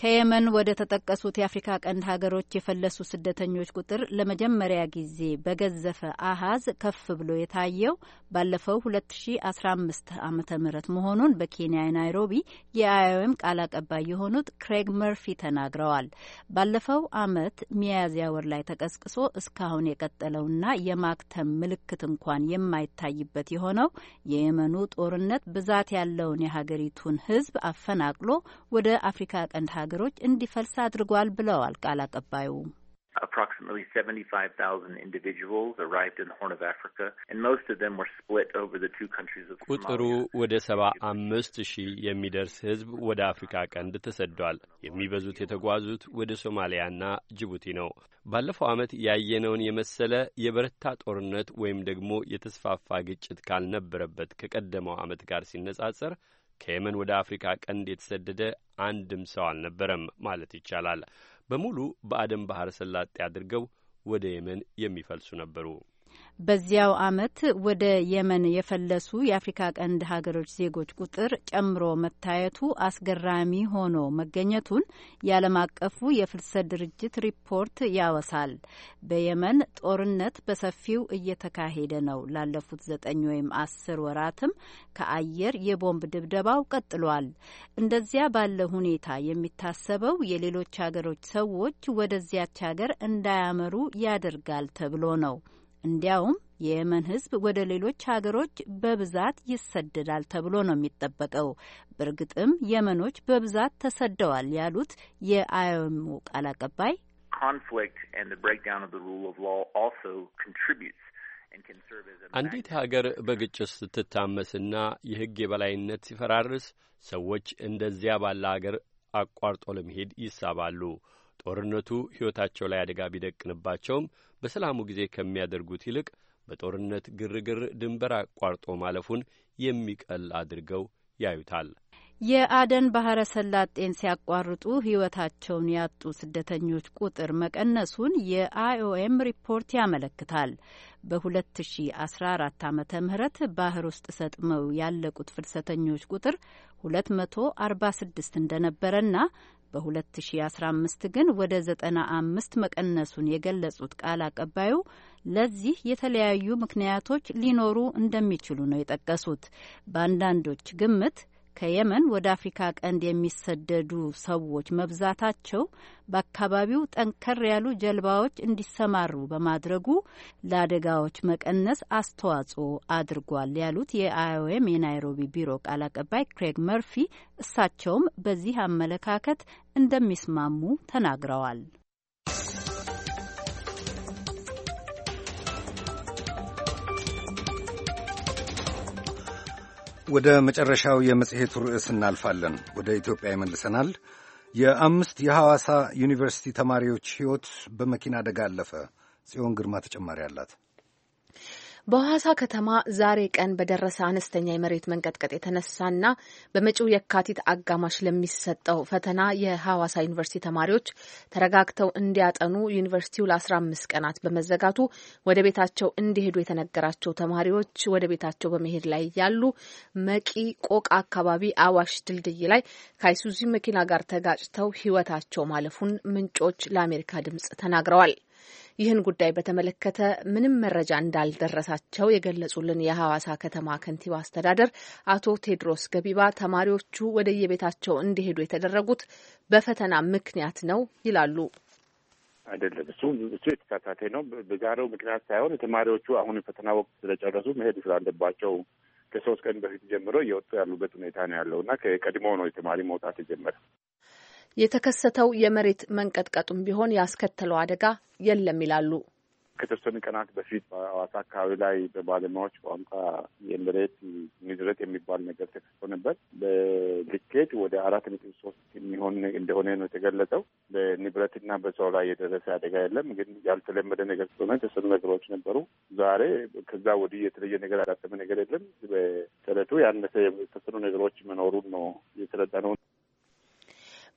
ከየመን ወደ ተጠቀሱት የአፍሪካ ቀንድ ሀገሮች የፈለሱ ስደተኞች ቁጥር ለመጀመሪያ ጊዜ በገዘፈ አሃዝ ከፍ ብሎ የታየው ባለፈው 2015 ዓመተ ምህረት መሆኑን በኬንያ ናይሮቢ የአይኦኤም ቃል አቀባይ የሆኑት ክሬግ መርፊ ተናግረዋል። ባለፈው ዓመት ሚያዝያ ወር ላይ ተቀስቅሶ እስካሁን የቀጠለውና የማክተም ምልክት እንኳን የማይታይበት የሆነው የየመኑ ጦርነት ብዛት ያለውን የሀገሪቱን ሕዝብ አፈናቅሎ ወደ አፍሪካ ቀንድ ሀገሮች እንዲፈልስ አድርጓል ብለዋል ቃል አቀባዩ። Approximately 75,000 individuals arrived in the Horn of Africa, and most of them were split over the two countries of ቁጥሩ ወደ ሰባ አምስት ሺህ የሚደርስ ሕዝብ ወደ አፍሪካ ቀንድ ተሰዷል። የሚበዙት የተጓዙት ወደ ሶማሊያና ጅቡቲ ነው። ባለፈው ዓመት ያየነውን የመሰለ የበረታ ጦርነት ወይም ደግሞ የተስፋፋ ግጭት ካልነበረበት ከቀደመው ዓመት ጋር ሲነጻጸር ከየመን ወደ አፍሪካ ቀንድ የተሰደደ አንድም ሰው አልነበረም ማለት ይቻላል። በሙሉ በአደን ባህረ ሰላጤ አድርገው ወደ የመን የሚፈልሱ ነበሩ። በዚያው አመት ወደ የመን የፈለሱ የአፍሪካ ቀንድ ሀገሮች ዜጎች ቁጥር ጨምሮ መታየቱ አስገራሚ ሆኖ መገኘቱን የዓለም አቀፉ የፍልሰት ድርጅት ሪፖርት ያወሳል። በየመን ጦርነት በሰፊው እየተካሄደ ነው። ላለፉት ዘጠኝ ወይም አስር ወራትም ከአየር የቦምብ ድብደባው ቀጥሏል። እንደዚያ ባለ ሁኔታ የሚታሰበው የሌሎች ሀገሮች ሰዎች ወደዚያች ሀገር እንዳያመሩ ያደርጋል ተብሎ ነው። እንዲያውም የየመን ህዝብ ወደ ሌሎች ሀገሮች በብዛት ይሰደዳል ተብሎ ነው የሚጠበቀው። በእርግጥም የመኖች በብዛት ተሰደዋል ያሉት የአይኤሙ ቃል አቀባይ አንዲት ሀገር በግጭት ስትታመስና የህግ የበላይነት ሲፈራርስ ሰዎች እንደዚያ ባለ ሀገር አቋርጦ ለመሄድ ይሳባሉ። ጦርነቱ ሕይወታቸው ላይ አደጋ ቢደቅንባቸውም በሰላሙ ጊዜ ከሚያደርጉት ይልቅ በጦርነት ግርግር ድንበር አቋርጦ ማለፉን የሚቀል አድርገው ያዩታል። የአደን ባህረ ሰላጤን ሲያቋርጡ ሕይወታቸውን ያጡ ስደተኞች ቁጥር መቀነሱን የአይኦኤም ሪፖርት ያመለክታል። በ2014 ዓ ም ባህር ውስጥ ሰጥመው ያለቁት ፍልሰተኞች ቁጥር 246 እንደነበረና በ2015 ግን ወደ 95 መቀነሱን የገለጹት ቃል አቀባዩ ለዚህ የተለያዩ ምክንያቶች ሊኖሩ እንደሚችሉ ነው የጠቀሱት። በአንዳንዶች ግምት ከየመን ወደ አፍሪካ ቀንድ የሚሰደዱ ሰዎች መብዛታቸው በአካባቢው ጠንከር ያሉ ጀልባዎች እንዲሰማሩ በማድረጉ ለአደጋዎች መቀነስ አስተዋጽኦ አድርጓል ያሉት የአይኦኤም የናይሮቢ ቢሮ ቃል አቀባይ ክሬግ መርፊ እሳቸውም በዚህ አመለካከት እንደሚስማሙ ተናግረዋል። ወደ መጨረሻው የመጽሔቱ ርዕስ እናልፋለን። ወደ ኢትዮጵያ ይመልሰናል። የአምስት የሐዋሳ ዩኒቨርሲቲ ተማሪዎች ሕይወት በመኪና አደጋ አለፈ። ጽዮን ግርማ ተጨማሪ አላት። በሐዋሳ ከተማ ዛሬ ቀን በደረሰ አነስተኛ የመሬት መንቀጥቀጥ የተነሳና በመጪው የካቲት አጋማሽ ለሚሰጠው ፈተና የሐዋሳ ዩኒቨርሲቲ ተማሪዎች ተረጋግተው እንዲያጠኑ ዩኒቨርሲቲው ለ አምስት ቀናት በመዘጋቱ ወደ ቤታቸው እንዲሄዱ የተነገራቸው ተማሪዎች ወደ ቤታቸው በመሄድ ላይ ያሉ መቂ ቆቃ አካባቢ አዋሽ ድልድይ ላይ ከአይሱዚ መኪና ጋር ተጋጭተው ሕይወታቸው ማለፉን ምንጮች ለአሜሪካ ድምጽ ተናግረዋል። ይህን ጉዳይ በተመለከተ ምንም መረጃ እንዳልደረሳቸው የገለጹልን የሐዋሳ ከተማ ከንቲባ አስተዳደር አቶ ቴድሮስ ገቢባ ተማሪዎቹ ወደየቤታቸው እንዲሄዱ የተደረጉት በፈተና ምክንያት ነው ይላሉ። አይደለም። እሱ እሱ የተሳሳተ ነው። በዛሬው ምክንያት ሳይሆን የተማሪዎቹ አሁን የፈተና ወቅት ስለጨረሱ መሄድ ስላለባቸው ከሶስት ቀን በፊት ጀምሮ እየወጡ ያሉበት ሁኔታ ነው ያለው እና ከቀድሞ ነው የተማሪ መውጣት የጀመረ የተከሰተው የመሬት መንቀጥቀጡም ቢሆን ያስከተለው አደጋ የለም ይላሉ። ከተወሰኑ ቀናት በፊት በአዋሳ አካባቢ ላይ በባለሙያዎች ቋንቋ የመሬት ንዝረት የሚባል ነገር ተከስቶ ነበር። በልኬት ወደ አራት ነጥብ ሶስት የሚሆን እንደሆነ ነው የተገለጸው። በንብረትና በሰው ላይ የደረሰ አደጋ የለም፣ ግን ያልተለመደ ነገር ስለሆነ የተወሰኑ ነገሮች ነበሩ። ዛሬ ከዛ ወዲህ የተለየ ነገር ያጋጠመ ነገር የለም። በሰለቱ ያነሰ የተወሰኑ ነገሮች መኖሩን ነው የተረዳ ነው።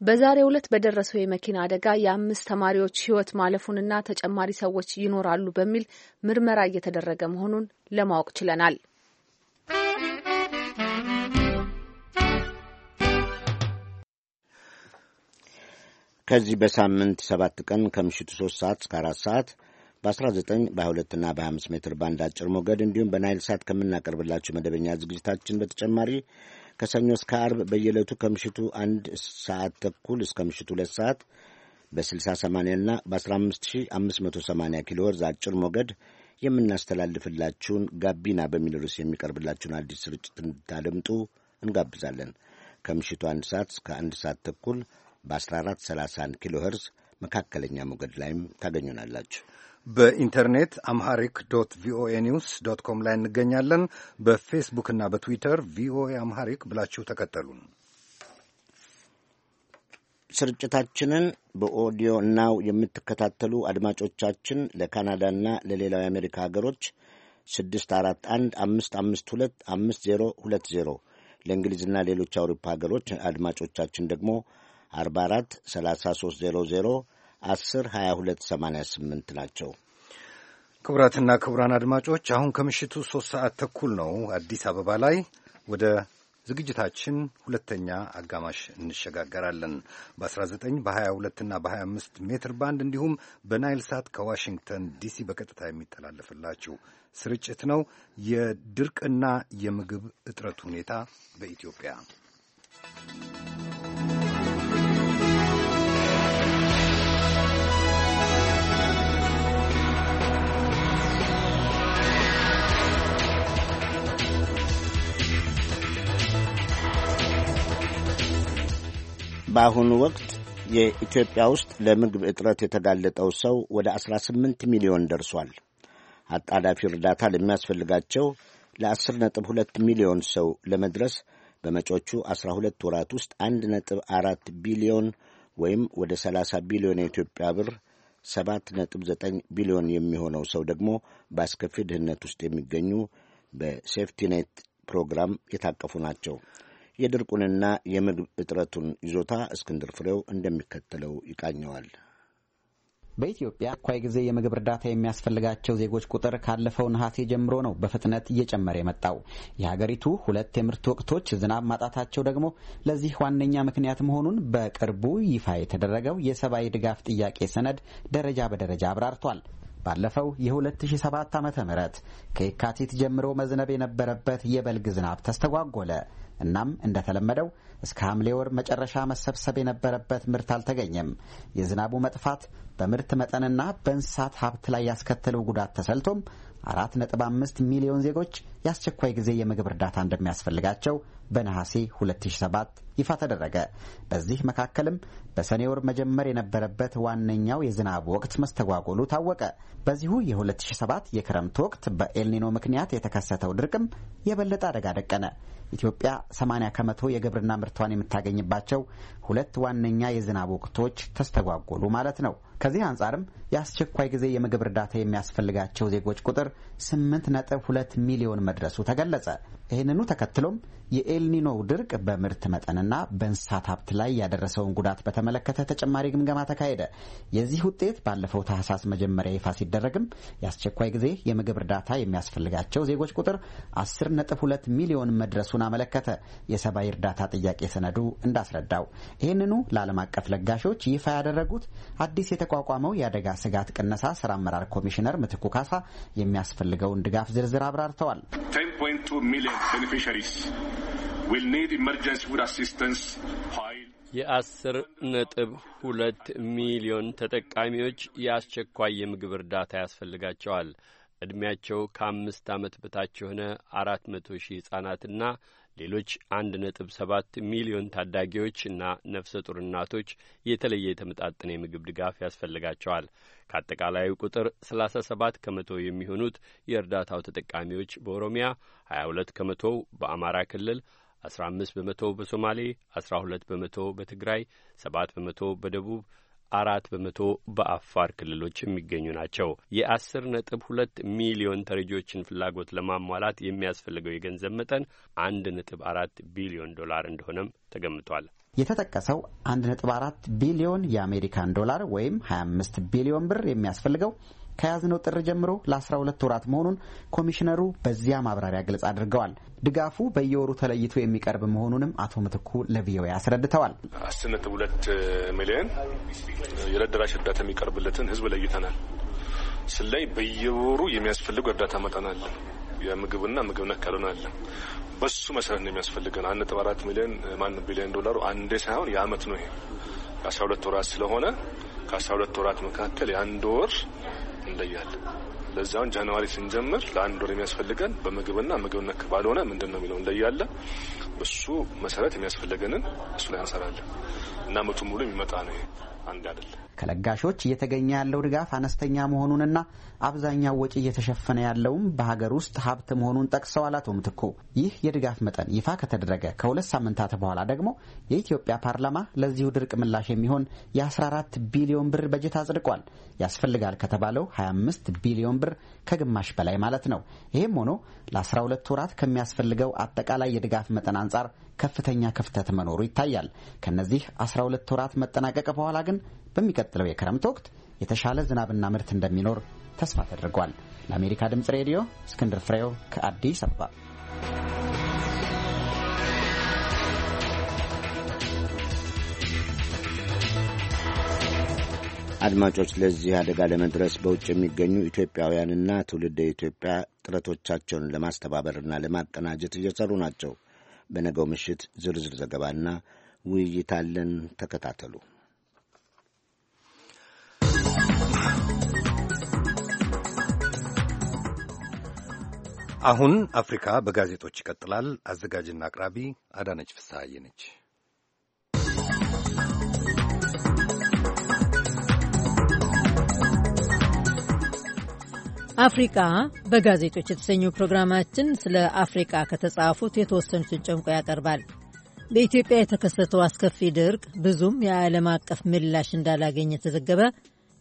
በዛሬ ዕለት በደረሰው የመኪና አደጋ የአምስት ተማሪዎች ህይወት ማለፉንና ተጨማሪ ሰዎች ይኖራሉ በሚል ምርመራ እየተደረገ መሆኑን ለማወቅ ችለናል። ከዚህ በሳምንት ሰባት ቀን ከምሽቱ ሶስት ሰዓት እስከ አራት ሰዓት በ19 በ22 እና በ25 ሜትር ባንድ አጭር ሞገድ እንዲሁም በናይል ሳት ከምናቀርብላችሁ መደበኛ ዝግጅታችን በተጨማሪ ከሰኞ እስከ አርብ በየዕለቱ ከምሽቱ አንድ ሰዓት ተኩል እስከ ምሽቱ ሁለት ሰዓት በ6080 እና በ15580 ኪሎ ወርዝ አጭር ሞገድ የምናስተላልፍላችሁን ጋቢና በሚል ርዕስ የሚቀርብላችሁን አዲስ ስርጭት እንድታደምጡ እንጋብዛለን። ከምሽቱ አንድ ሰዓት እስከ አንድ ሰዓት ተኩል በ 1430 ኪሎ ሄርዝ መካከለኛ ሞገድ ላይም ታገኙናላችሁ። በኢንተርኔት አምሃሪክ ዶት ቪኦኤ ኒውስ ዶት ኮም ላይ እንገኛለን። በፌስቡክና በትዊተር ቪኦኤ አምሃሪክ ብላችሁ ተከተሉን። ስርጭታችንን በኦዲዮ ናው የምትከታተሉ አድማጮቻችን ለካናዳና ለሌላው የአሜሪካ ሀገሮች 6415525020 ለእንግሊዝና ሌሎች አውሮፓ ሀገሮች አድማጮቻችን ደግሞ 44 3300 ሁለት 22 ስምንት ናቸው። ክቡራትና ክቡራን አድማጮች አሁን ከምሽቱ ሶስት ሰዓት ተኩል ነው አዲስ አበባ ላይ። ወደ ዝግጅታችን ሁለተኛ አጋማሽ እንሸጋገራለን። በ19 በ22ና በ25 ሜትር ባንድ እንዲሁም በናይል ሳት ከዋሽንግተን ዲሲ በቀጥታ የሚተላለፍላችሁ ስርጭት ነው። የድርቅና የምግብ እጥረት ሁኔታ በኢትዮጵያ በአሁኑ ወቅት የኢትዮጵያ ውስጥ ለምግብ እጥረት የተጋለጠው ሰው ወደ 18 ሚሊዮን ደርሷል። አጣዳፊ እርዳታ ለሚያስፈልጋቸው ለ10.2 ሚሊዮን ሰው ለመድረስ በመጪዎቹ 12 ወራት ውስጥ 1.4 ቢሊዮን ወይም ወደ 30 ቢሊዮን የኢትዮጵያ ብር 7.9 ቢሊዮን የሚሆነው ሰው ደግሞ በአስከፊ ድህነት ውስጥ የሚገኙ በሴፍቲኔት ፕሮግራም የታቀፉ ናቸው። የድርቁንና የምግብ እጥረቱን ይዞታ እስክንድር ፍሬው እንደሚከተለው ይቃኘዋል። በኢትዮጵያ አኳይ ጊዜ የምግብ እርዳታ የሚያስፈልጋቸው ዜጎች ቁጥር ካለፈው ነሐሴ ጀምሮ ነው በፍጥነት እየጨመረ የመጣው። የሀገሪቱ ሁለት የምርት ወቅቶች ዝናብ ማጣታቸው ደግሞ ለዚህ ዋነኛ ምክንያት መሆኑን በቅርቡ ይፋ የተደረገው የሰብአዊ ድጋፍ ጥያቄ ሰነድ ደረጃ በደረጃ አብራርቷል። ባለፈው የ2007 ዓ ም ከየካቲት ጀምሮ መዝነብ የነበረበት የበልግ ዝናብ ተስተጓጎለ። እናም እንደተለመደው እስከ ሐምሌ ወር መጨረሻ መሰብሰብ የነበረበት ምርት አልተገኘም። የዝናቡ መጥፋት በምርት መጠንና በእንስሳት ሀብት ላይ ያስከተለው ጉዳት ተሰልቶም አራት ነጥብ አምስት ሚሊዮን ዜጎች የአስቸኳይ ጊዜ የምግብ እርዳታ እንደሚያስፈልጋቸው በነሐሴ 2007 ይፋ ተደረገ። በዚህ መካከልም በሰኔ ወር መጀመር የነበረበት ዋነኛው የዝናብ ወቅት መስተጓጎሉ ታወቀ። በዚሁ የ2007 የክረምት ወቅት በኤልኒኖ ምክንያት የተከሰተው ድርቅም የበለጠ አደጋ ደቀነ። ኢትዮጵያ 80 ከመቶ የግብርና ምርቷን የምታገኝባቸው ሁለት ዋነኛ የዝናብ ወቅቶች ተስተጓጎሉ ማለት ነው። ከዚህ አንጻርም የአስቸኳይ ጊዜ የምግብ እርዳታ የሚያስፈልጋቸው ዜጎች ቁጥር ስምንት ነጥብ ሚሊዮን መድረሱ ተገለጸ። ይህንኑ ተከትሎም የኤልኒኖው ድርቅ በምርት መጠንና በእንስሳት ሀብት ላይ ያደረሰውን ጉዳት በተመለከተ ተጨማሪ ግምገማ ተካሄደ። የዚህ ውጤት ባለፈው ታህሳስ መጀመሪያ ይፋ ሲደረግም የአስቸኳይ ጊዜ የምግብ እርዳታ የሚያስፈልጋቸው ዜጎች ቁጥር 10.2 ሚሊዮን መድረሱን አመለከተ። የሰብአዊ እርዳታ ጥያቄ ሰነዱ እንዳስረዳው ይህንኑ ለዓለም አቀፍ ለጋሾች ይፋ ያደረጉት አዲስ የተቋቋመው የአደጋ ስጋት ቅነሳ ስራ አመራር ኮሚሽነር ምትኩ ካሳ የሚያስፈልገውን ድጋፍ ዝርዝር አብራርተዋል። 10.2 ሚሊዮን ቤኔፊሻሪስ ዊል ኒድ ኢመርጀንሲ ፉድ አሲስተንስ የአስር ነጥብ ሁለት ሚሊዮን ተጠቃሚዎች የአስቸኳይ የምግብ እርዳታ ያስፈልጋቸዋል። ዕድሜያቸው ከአምስት ዓመት በታች የሆነ አራት መቶ ሺህ ሕጻናትና ሌሎች አንድ ነጥብ ሰባት ሚሊዮን እና ነፍሰ ጡር እናቶች የተለየ የተመጣጠነ የምግብ ድጋፍ ያስፈልጋቸዋል። ከአጠቃላዩ ቁጥር ሰላሳ ሰባት ከመቶ የሚሆኑት የእርዳታው ተጠቃሚዎች በኦሮሚያ፣ ሀያ ሁለት ከመቶው በአማራ ክልል፣ አስራ አምስት በመቶ በሶማሌ፣ አስራ ሁለት በመቶ በትግራይ፣ ሰባት በመቶ በደቡብ አራት በመቶ በአፋር ክልሎች የሚገኙ ናቸው። የአስር ነጥብ ሁለት ሚሊዮን ተረጂዎችን ፍላጎት ለማሟላት የሚያስፈልገው የገንዘብ መጠን አንድ ነጥብ አራት ቢሊዮን ዶላር እንደሆነም ተገምቷል። የተጠቀሰው አንድ ነጥብ አራት ቢሊዮን የአሜሪካን ዶላር ወይም ሀያ አምስት ቢሊዮን ብር የሚያስፈልገው ከያዝነው ጥር ጀምሮ ለ12 ወራት መሆኑን ኮሚሽነሩ በዚያ ማብራሪያ ግልጽ አድርገዋል። ድጋፉ በየወሩ ተለይቶ የሚቀርብ መሆኑንም አቶ ምትኩ ለቪኦኤ አስረድተዋል። አስር ነጥብ ሁለት ሚሊዮን የረደራሽ እርዳታ የሚቀርብለትን ህዝብ ለይተናል። ስለይ በየወሩ የሚያስፈልጉ እርዳታ መጠን አለ። የምግብና ምግብ ነክ ያልሆነ አለ። በሱ መሰረት ነው የሚያስፈልገን። አንድ ነጥብ አራት ሚሊዮን ማን ቢሊዮን ዶላሩ አንዴ ሳይሆን የአመት ነው። ይሄ ከአስራ ሁለት ወራት ስለሆነ ከአስራ ሁለት ወራት መካከል የአንድ ወር እንለያለን። ለዚያውን ጃንዋሪ ስንጀምር ለአንድ ወር የሚያስፈልገን በምግብና ምግብ ነክ ባልሆነ ምንድን ነው የሚለው እንለያለን። በሱ መሰረት የሚያስፈልገንን እሱ ላይ እንሰራለን እና መቱ ሙሉ የሚመጣ ነው። አንድ አይደለ። ከለጋሾች እየተገኘ ያለው ድጋፍ አነስተኛ መሆኑንና አብዛኛው ወጪ እየተሸፈነ ያለውም በሀገር ውስጥ ሀብት መሆኑን ጠቅሰዋል አቶ ምትኩ። ይህ የድጋፍ መጠን ይፋ ከተደረገ ከሁለት ሳምንታት በኋላ ደግሞ የኢትዮጵያ ፓርላማ ለዚሁ ድርቅ ምላሽ የሚሆን የ14 ቢሊዮን ብር በጀት አጽድቋል። ያስፈልጋል ከተባለው 25 ቢሊዮን ብር ከግማሽ በላይ ማለት ነው። ይህም ሆኖ ለ12 ወራት ከሚያስፈልገው አጠቃላይ የድጋፍ መጠን አንጻር ከፍተኛ ክፍተት መኖሩ ይታያል። ከነዚህ 12 ወራት መጠናቀቅ በኋላ ግን በሚቀጥለው የክረምት ወቅት የተሻለ ዝናብና ምርት እንደሚኖር ተስፋ ተደርጓል። ለአሜሪካ ድምፅ ሬዲዮ እስክንድር ፍሬው ከአዲስ አበባ። አድማጮች፣ ለዚህ አደጋ ለመድረስ በውጭ የሚገኙ ኢትዮጵያውያንና ትውልደ ኢትዮጵያ ጥረቶቻቸውን ለማስተባበርና ለማቀናጀት እየሰሩ ናቸው። በነገው ምሽት ዝርዝር ዘገባና ውይይት አለን። ተከታተሉ። አሁን አፍሪካ በጋዜጦች ይቀጥላል። አዘጋጅና አቅራቢ አዳነች ፍስሐዬ ነች። አፍሪቃ በጋዜጦች የተሰኘው ፕሮግራማችን ስለ አፍሪቃ ከተጻፉት የተወሰኑትን ጨምቆ ያቀርባል። በኢትዮጵያ የተከሰተው አስከፊ ድርቅ ብዙም የዓለም አቀፍ ምላሽ እንዳላገኘ ተዘገበ፣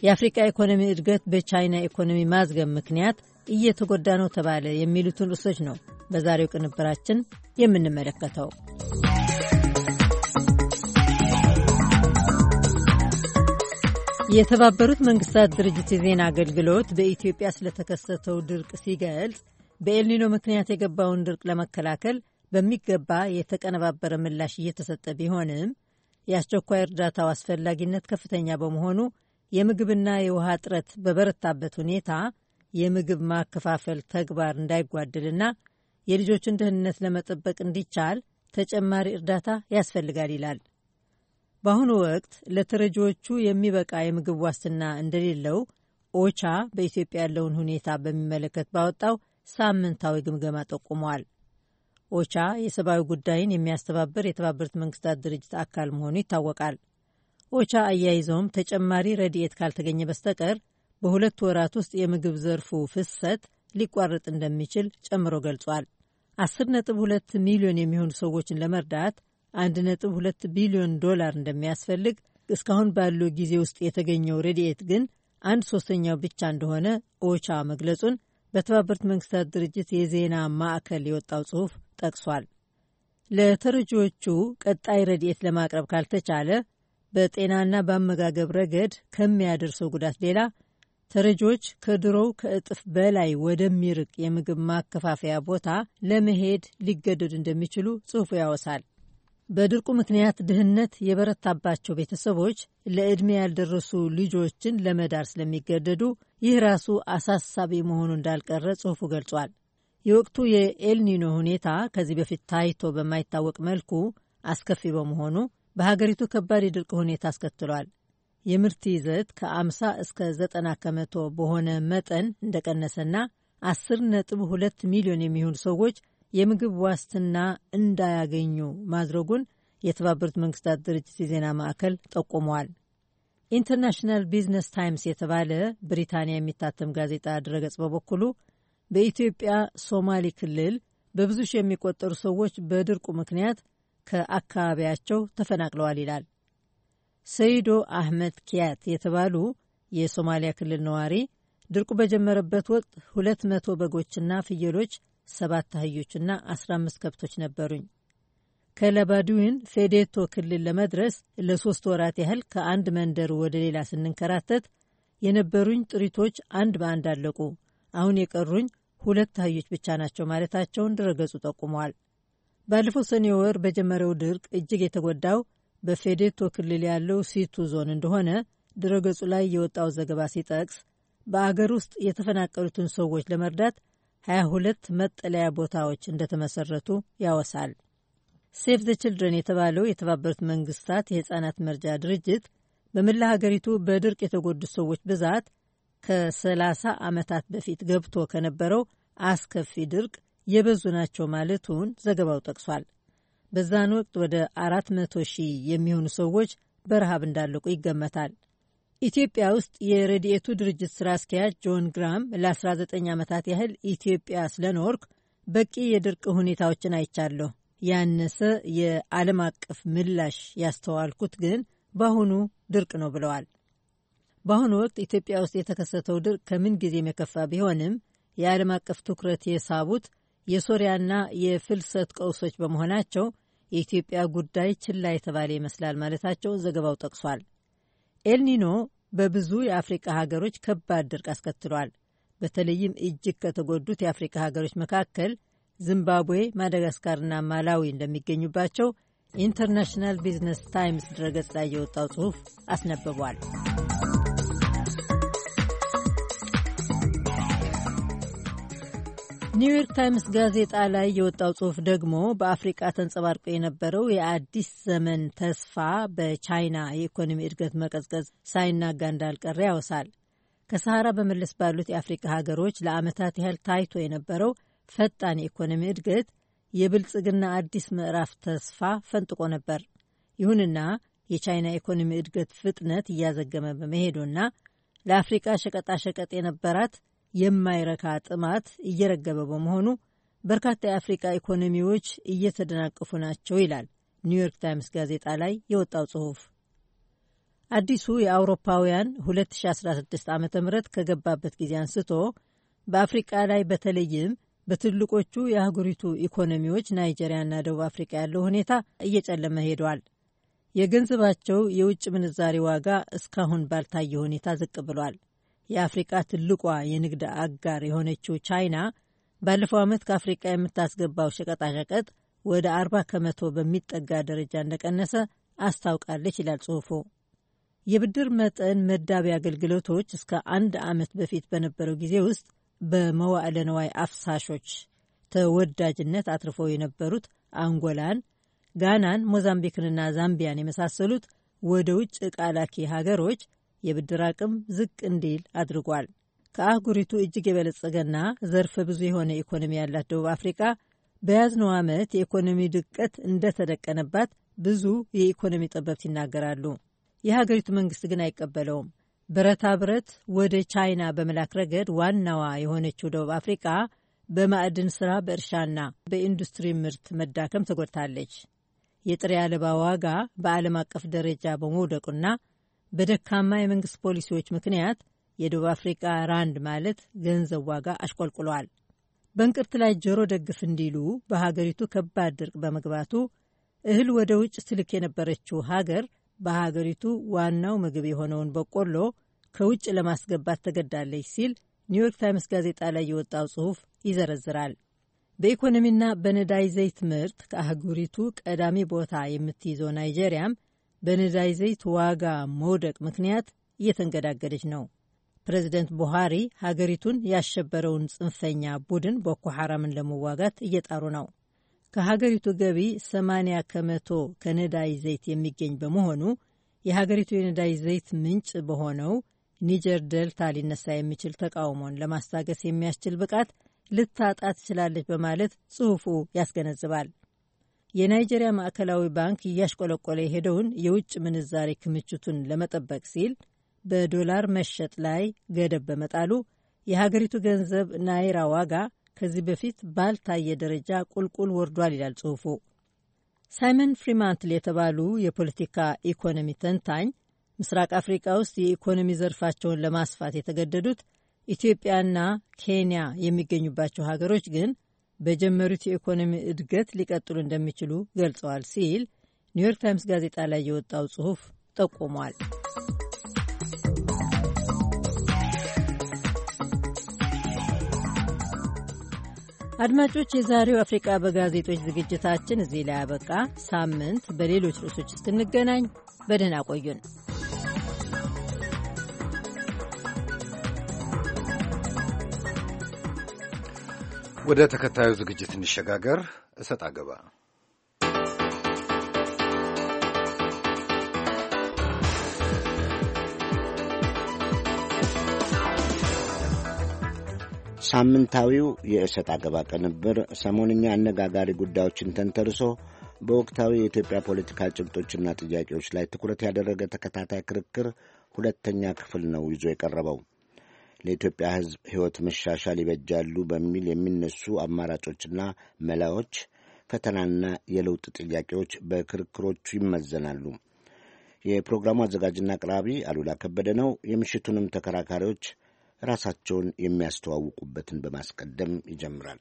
የአፍሪቃ ኢኮኖሚ እድገት በቻይና ኢኮኖሚ ማዝገብ ምክንያት እየተጎዳ ነው ተባለ፣ የሚሉትን ርዕሶች ነው በዛሬው ቅንብራችን የምንመለከተው። የተባበሩት መንግስታት ድርጅት የዜና አገልግሎት በኢትዮጵያ ስለተከሰተው ድርቅ ሲገልጽ በኤልኒኖ ምክንያት የገባውን ድርቅ ለመከላከል በሚገባ የተቀነባበረ ምላሽ እየተሰጠ ቢሆንም የአስቸኳይ እርዳታው አስፈላጊነት ከፍተኛ በመሆኑ የምግብና የውሃ እጥረት በበረታበት ሁኔታ የምግብ ማከፋፈል ተግባር እንዳይጓደልና የልጆችን ደህንነት ለመጠበቅ እንዲቻል ተጨማሪ እርዳታ ያስፈልጋል ይላል። በአሁኑ ወቅት ለተረጂዎቹ የሚበቃ የምግብ ዋስትና እንደሌለው ኦቻ በኢትዮጵያ ያለውን ሁኔታ በሚመለከት ባወጣው ሳምንታዊ ግምገማ ጠቁሟል። ኦቻ የሰብአዊ ጉዳይን የሚያስተባብር የተባበሩት መንግስታት ድርጅት አካል መሆኑ ይታወቃል። ኦቻ አያይዘውም ተጨማሪ ረድኤት ካልተገኘ በስተቀር በሁለት ወራት ውስጥ የምግብ ዘርፉ ፍሰት ሊቋረጥ እንደሚችል ጨምሮ ገልጿል። 10.2 ሚሊዮን የሚሆኑ ሰዎችን ለመርዳት 1.2 ቢሊዮን ዶላር እንደሚያስፈልግ፣ እስካሁን ባለው ጊዜ ውስጥ የተገኘው ረድኤት ግን አንድ ሶስተኛው ብቻ እንደሆነ ኦቻ መግለጹን በተባበሩት መንግስታት ድርጅት የዜና ማዕከል የወጣው ጽሑፍ ጠቅሷል። ለተረጂዎቹ ቀጣይ ረድኤት ለማቅረብ ካልተቻለ በጤናና በአመጋገብ ረገድ ከሚያደርሰው ጉዳት ሌላ ተረጂዎች ከድሮው ከእጥፍ በላይ ወደሚርቅ የምግብ ማከፋፈያ ቦታ ለመሄድ ሊገደዱ እንደሚችሉ ጽሑፉ ያወሳል። በድርቁ ምክንያት ድህነት የበረታባቸው ቤተሰቦች ለዕድሜ ያልደረሱ ልጆችን ለመዳር ስለሚገደዱ ይህ ራሱ አሳሳቢ መሆኑ እንዳልቀረ ጽሑፉ ገልጿል። የወቅቱ የኤልኒኖ ሁኔታ ከዚህ በፊት ታይቶ በማይታወቅ መልኩ አስከፊ በመሆኑ በሀገሪቱ ከባድ የድርቅ ሁኔታ አስከትሏል። የምርት ይዘት ከ50 እስከ 90 ከመቶ በሆነ መጠን እንደቀነሰና 10 2 ሚሊዮን የሚሆኑ ሰዎች የምግብ ዋስትና እንዳያገኙ ማድረጉን የተባበሩት መንግስታት ድርጅት የዜና ማዕከል ጠቁመዋል። ኢንተርናሽናል ቢዝነስ ታይምስ የተባለ ብሪታንያ የሚታተም ጋዜጣ ድረገጽ በበኩሉ በኢትዮጵያ ሶማሌ ክልል በብዙ ሺህ የሚቆጠሩ ሰዎች በድርቁ ምክንያት ከአካባቢያቸው ተፈናቅለዋል ይላል። ሰይዶ አህመድ ኪያት የተባሉ የሶማሊያ ክልል ነዋሪ ድርቁ በጀመረበት ወቅት ሁለት መቶ በጎችና ፍየሎች ሰባት አህዮችና አምስት ከብቶች ነበሩኝ። ከለባዱዊን ፌዴቶ ክልል ለመድረስ ለሶስት ወራት ያህል ከአንድ መንደር ወደ ሌላ ስንንከራተት የነበሩኝ ጥሪቶች አንድ በአንድ አለቁ። አሁን የቀሩኝ ሁለት አህዮች ብቻ ናቸው ማለታቸውን ድረገጹ ጠቁመዋል። ባለፈው ሰኔ ወር በጀመረው ድርቅ እጅግ የተጎዳው በፌዴቶ ክልል ያለው ሲቱ ዞን እንደሆነ ድረገጹ ላይ የወጣው ዘገባ ሲጠቅስ በአገር ውስጥ የተፈናቀሉትን ሰዎች ለመርዳት 22 መጠለያ ቦታዎች እንደተመሰረቱ ያወሳል። ሴቭ ዘ ችልድረን የተባለው የተባበሩት መንግስታት የሕፃናት መርጃ ድርጅት በመላ ሀገሪቱ በድርቅ የተጎዱ ሰዎች ብዛት ከ30 ዓመታት በፊት ገብቶ ከነበረው አስከፊ ድርቅ የበዙ ናቸው ማለቱን ዘገባው ጠቅሷል። በዛን ወቅት ወደ 400 ሺህ የሚሆኑ ሰዎች በረሃብ እንዳለቁ ይገመታል። ኢትዮጵያ ውስጥ የረድኤቱ ድርጅት ስራ አስኪያጅ ጆን ግራም ለ19 ዓመታት ያህል ኢትዮጵያ ስለኖርክ በቂ የድርቅ ሁኔታዎችን አይቻለሁ። ያነሰ የዓለም አቀፍ ምላሽ ያስተዋልኩት ግን በአሁኑ ድርቅ ነው ብለዋል። በአሁኑ ወቅት ኢትዮጵያ ውስጥ የተከሰተው ድርቅ ከምን ጊዜም የከፋ ቢሆንም የዓለም አቀፍ ትኩረት የሳቡት የሶሪያና የፍልሰት ቀውሶች በመሆናቸው የኢትዮጵያ ጉዳይ ችላ የተባለ ይመስላል ማለታቸው ዘገባው ጠቅሷል። ኤልኒኖ በብዙ የአፍሪቃ ሀገሮች ከባድ ድርቅ አስከትሏል። በተለይም እጅግ ከተጎዱት የአፍሪካ ሀገሮች መካከል ዚምባብዌ፣ ማዳጋስካርና ማላዊ እንደሚገኙባቸው ኢንተርናሽናል ቢዝነስ ታይምስ ድረገጽ ላይ የወጣው ጽሑፍ አስነብቧል። ኒውዮርክ ታይምስ ጋዜጣ ላይ የወጣው ጽሁፍ ደግሞ በአፍሪቃ ተንጸባርቆ የነበረው የአዲስ ዘመን ተስፋ በቻይና የኢኮኖሚ እድገት መቀዝቀዝ ሳይናጋ እንዳልቀረ ያወሳል። ከሰሃራ በመለስ ባሉት የአፍሪካ ሀገሮች ለዓመታት ያህል ታይቶ የነበረው ፈጣን የኢኮኖሚ እድገት የብልጽግና አዲስ ምዕራፍ ተስፋ ፈንጥቆ ነበር። ይሁንና የቻይና ኢኮኖሚ እድገት ፍጥነት እያዘገመ በመሄዱና ለአፍሪቃ ሸቀጣሸቀጥ የነበራት የማይረካ ጥማት እየረገበ በመሆኑ በርካታ የአፍሪቃ ኢኮኖሚዎች እየተደናቀፉ ናቸው ይላል ኒውዮርክ ታይምስ ጋዜጣ ላይ የወጣው ጽሑፍ። አዲሱ የአውሮፓውያን 2016 ዓ ም ከገባበት ጊዜ አንስቶ በአፍሪቃ ላይ በተለይም በትልቆቹ የአህጉሪቱ ኢኮኖሚዎች ናይጄሪያና ደቡብ አፍሪቃ ያለው ሁኔታ እየጨለመ ሄዷል። የገንዘባቸው የውጭ ምንዛሪ ዋጋ እስካሁን ባልታየ ሁኔታ ዝቅ ብሏል። የአፍሪቃ ትልቋ የንግድ አጋር የሆነችው ቻይና ባለፈው ዓመት ከአፍሪቃ የምታስገባው ሸቀጣሸቀጥ ወደ አርባ ከመቶ በሚጠጋ ደረጃ እንደቀነሰ አስታውቃለች ይላል ጽሑፉ። የብድር መጠን መዳቢ አገልግሎቶች እስከ አንድ ዓመት በፊት በነበረው ጊዜ ውስጥ በመዋዕለ ነዋይ አፍሳሾች ተወዳጅነት አትርፈው የነበሩት አንጎላን፣ ጋናን፣ ሞዛምቢክንና ዛምቢያን የመሳሰሉት ወደ ውጭ ዕቃ ላኪ ሀገሮች የብድር አቅም ዝቅ እንዲል አድርጓል። ከአህጉሪቱ እጅግ የበለጸገና ዘርፈ ብዙ የሆነ ኢኮኖሚ ያላት ደቡብ አፍሪቃ በያዝነው ዓመት የኢኮኖሚ ድቀት እንደተደቀነባት ብዙ የኢኮኖሚ ጠበብት ይናገራሉ። የሀገሪቱ መንግስት ግን አይቀበለውም። ብረታ ብረት ወደ ቻይና በመላክ ረገድ ዋናዋ የሆነችው ደቡብ አፍሪቃ በማዕድን ስራ፣ በእርሻና በኢንዱስትሪ ምርት መዳከም ተጎድታለች። የጥሬ አለባ ዋጋ በዓለም አቀፍ ደረጃ በመውደቁና በደካማ የመንግስት ፖሊሲዎች ምክንያት የደቡብ አፍሪቃ ራንድ ማለት ገንዘብ ዋጋ አሽቆልቁሏል። በእንቅርት ላይ ጆሮ ደግፍ እንዲሉ በሀገሪቱ ከባድ ድርቅ በመግባቱ እህል ወደ ውጭ ትልክ የነበረችው ሀገር በሀገሪቱ ዋናው ምግብ የሆነውን በቆሎ ከውጭ ለማስገባት ተገዳለች ሲል ኒውዮርክ ታይምስ ጋዜጣ ላይ የወጣው ጽሑፍ ይዘረዝራል። በኢኮኖሚና በነዳጅ ዘይት ምርት ከአህጉሪቱ ቀዳሚ ቦታ የምትይዘው ናይጄሪያም በነዳጅ ዘይት ዋጋ መውደቅ ምክንያት እየተንገዳገደች ነው። ፕሬዚደንት ቡሃሪ ሀገሪቱን ያሸበረውን ጽንፈኛ ቡድን ቦኮ ሐራምን ለመዋጋት እየጣሩ ነው። ከሀገሪቱ ገቢ 80 ከመቶ ከነዳጅ ዘይት የሚገኝ በመሆኑ የሀገሪቱ የነዳጅ ዘይት ምንጭ በሆነው ኒጀር ደልታ ሊነሳ የሚችል ተቃውሞን ለማስታገስ የሚያስችል ብቃት ልታጣ ትችላለች በማለት ጽሑፉ ያስገነዝባል። የናይጄሪያ ማዕከላዊ ባንክ እያሽቆለቆለ የሄደውን የውጭ ምንዛሬ ክምችቱን ለመጠበቅ ሲል በዶላር መሸጥ ላይ ገደብ በመጣሉ የሀገሪቱ ገንዘብ ናይራ ዋጋ ከዚህ በፊት ባልታየ ደረጃ ቁልቁል ወርዷል ይላል ጽሑፉ። ሳይመን ፍሪማንትል የተባሉ የፖለቲካ ኢኮኖሚ ተንታኝ ምስራቅ አፍሪቃ ውስጥ የኢኮኖሚ ዘርፋቸውን ለማስፋት የተገደዱት ኢትዮጵያና ኬንያ የሚገኙባቸው ሀገሮች ግን በጀመሩት የኢኮኖሚ እድገት ሊቀጥሉ እንደሚችሉ ገልጸዋል ሲል ኒውዮርክ ታይምስ ጋዜጣ ላይ የወጣው ጽሑፍ ጠቁሟል። አድማጮች፣ የዛሬው አፍሪቃ በጋዜጦች ዝግጅታችን እዚህ ላይ አበቃ። ሳምንት በሌሎች ርዕሶች እስክንገናኝ በደህና ቆዩን። ወደ ተከታዩ ዝግጅት እንሸጋገር። እሰጥ አገባ ሳምንታዊው የእሰጥ አገባ ቅንብር ሰሞንኛ አነጋጋሪ ጉዳዮችን ተንተርሶ በወቅታዊ የኢትዮጵያ ፖለቲካ ጭብጦችና ጥያቄዎች ላይ ትኩረት ያደረገ ተከታታይ ክርክር ሁለተኛ ክፍል ነው ይዞ የቀረበው። ለኢትዮጵያ ሕዝብ ሕይወት መሻሻል ይበጃሉ በሚል የሚነሱ አማራጮችና መላዎች፣ ፈተናና የለውጥ ጥያቄዎች በክርክሮቹ ይመዘናሉ። የፕሮግራሙ አዘጋጅና አቅራቢ አሉላ ከበደ ነው። የምሽቱንም ተከራካሪዎች ራሳቸውን የሚያስተዋውቁበትን በማስቀደም ይጀምራል።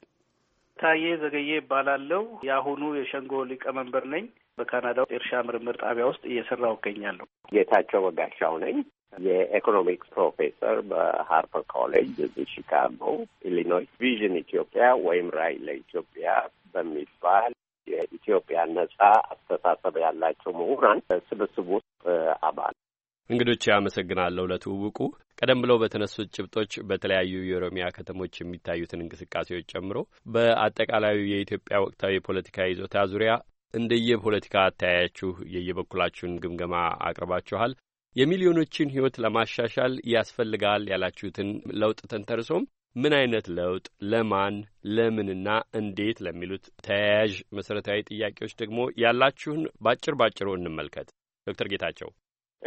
ታዬ ዘገዬ ይባላለው። የአሁኑ የሸንጎ ሊቀመንበር ነኝ። በካናዳ ኤርሻ ምርምር ጣቢያ ውስጥ እየሰራሁ እገኛለሁ። ጌታቸው በጋሻው ነኝ። የኢኮኖሚክስ ፕሮፌሰር በሃርፐር ኮሌጅ እዚህ ቺካጎ ኢሊኖይ፣ ቪዥን ኢትዮጵያ ወይም ራይ ለኢትዮጵያ በሚባል የኢትዮጵያ ነጻ አስተሳሰብ ያላቸው ምሁራን ስብስብ ውስጥ አባል። እንግዶች አመሰግናለሁ ለትውውቁ። ቀደም ብለው በተነሱት ጭብጦች በተለያዩ የኦሮሚያ ከተሞች የሚታዩትን እንቅስቃሴዎች ጨምሮ በአጠቃላዩ የኢትዮጵያ ወቅታዊ የፖለቲካ ይዞታ ዙሪያ እንደየፖለቲካ አተያያችሁ የየበኩላችሁን ግምገማ አቅርባችኋል። የሚሊዮኖችን ሕይወት ለማሻሻል ያስፈልጋል ያላችሁትን ለውጥ ተንተርሶም ምን አይነት ለውጥ ለማን ለምንና እንዴት ለሚሉት ተያያዥ መሰረታዊ ጥያቄዎች ደግሞ ያላችሁን ባጭር ባጭሩ እንመልከት። ዶክተር ጌታቸው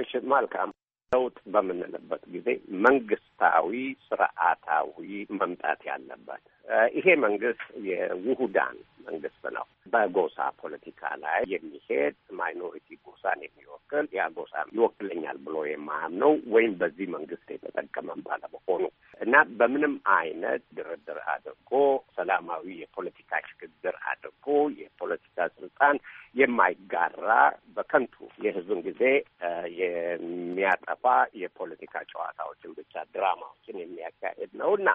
እሺ፣ መልካም ለውጥ በምንልበት ጊዜ መንግስታዊ ስርዓታዊ መምጣት ያለበት። ይሄ መንግስት የውሁዳን መንግስት ነው። በጎሳ ፖለቲካ ላይ የሚሄድ ማይኖሪቲ ጎሳን የሚወክል ያ ጎሳ ይወክለኛል ብሎ የማያምነው ወይም በዚህ መንግስት የተጠቀመም ባለመሆኑ እና በምንም አይነት ድርድር አድርጎ ሰላማዊ የፖለቲካ ሽግግር አድርጎ የፖለቲካ ስልጣን የማይጋራ በከንቱ የህዝብን ጊዜ የሚያጠፋ የፖለቲካ ጨዋታዎችን ብቻ ድራማዎችን የሚያካሄድ ነው እና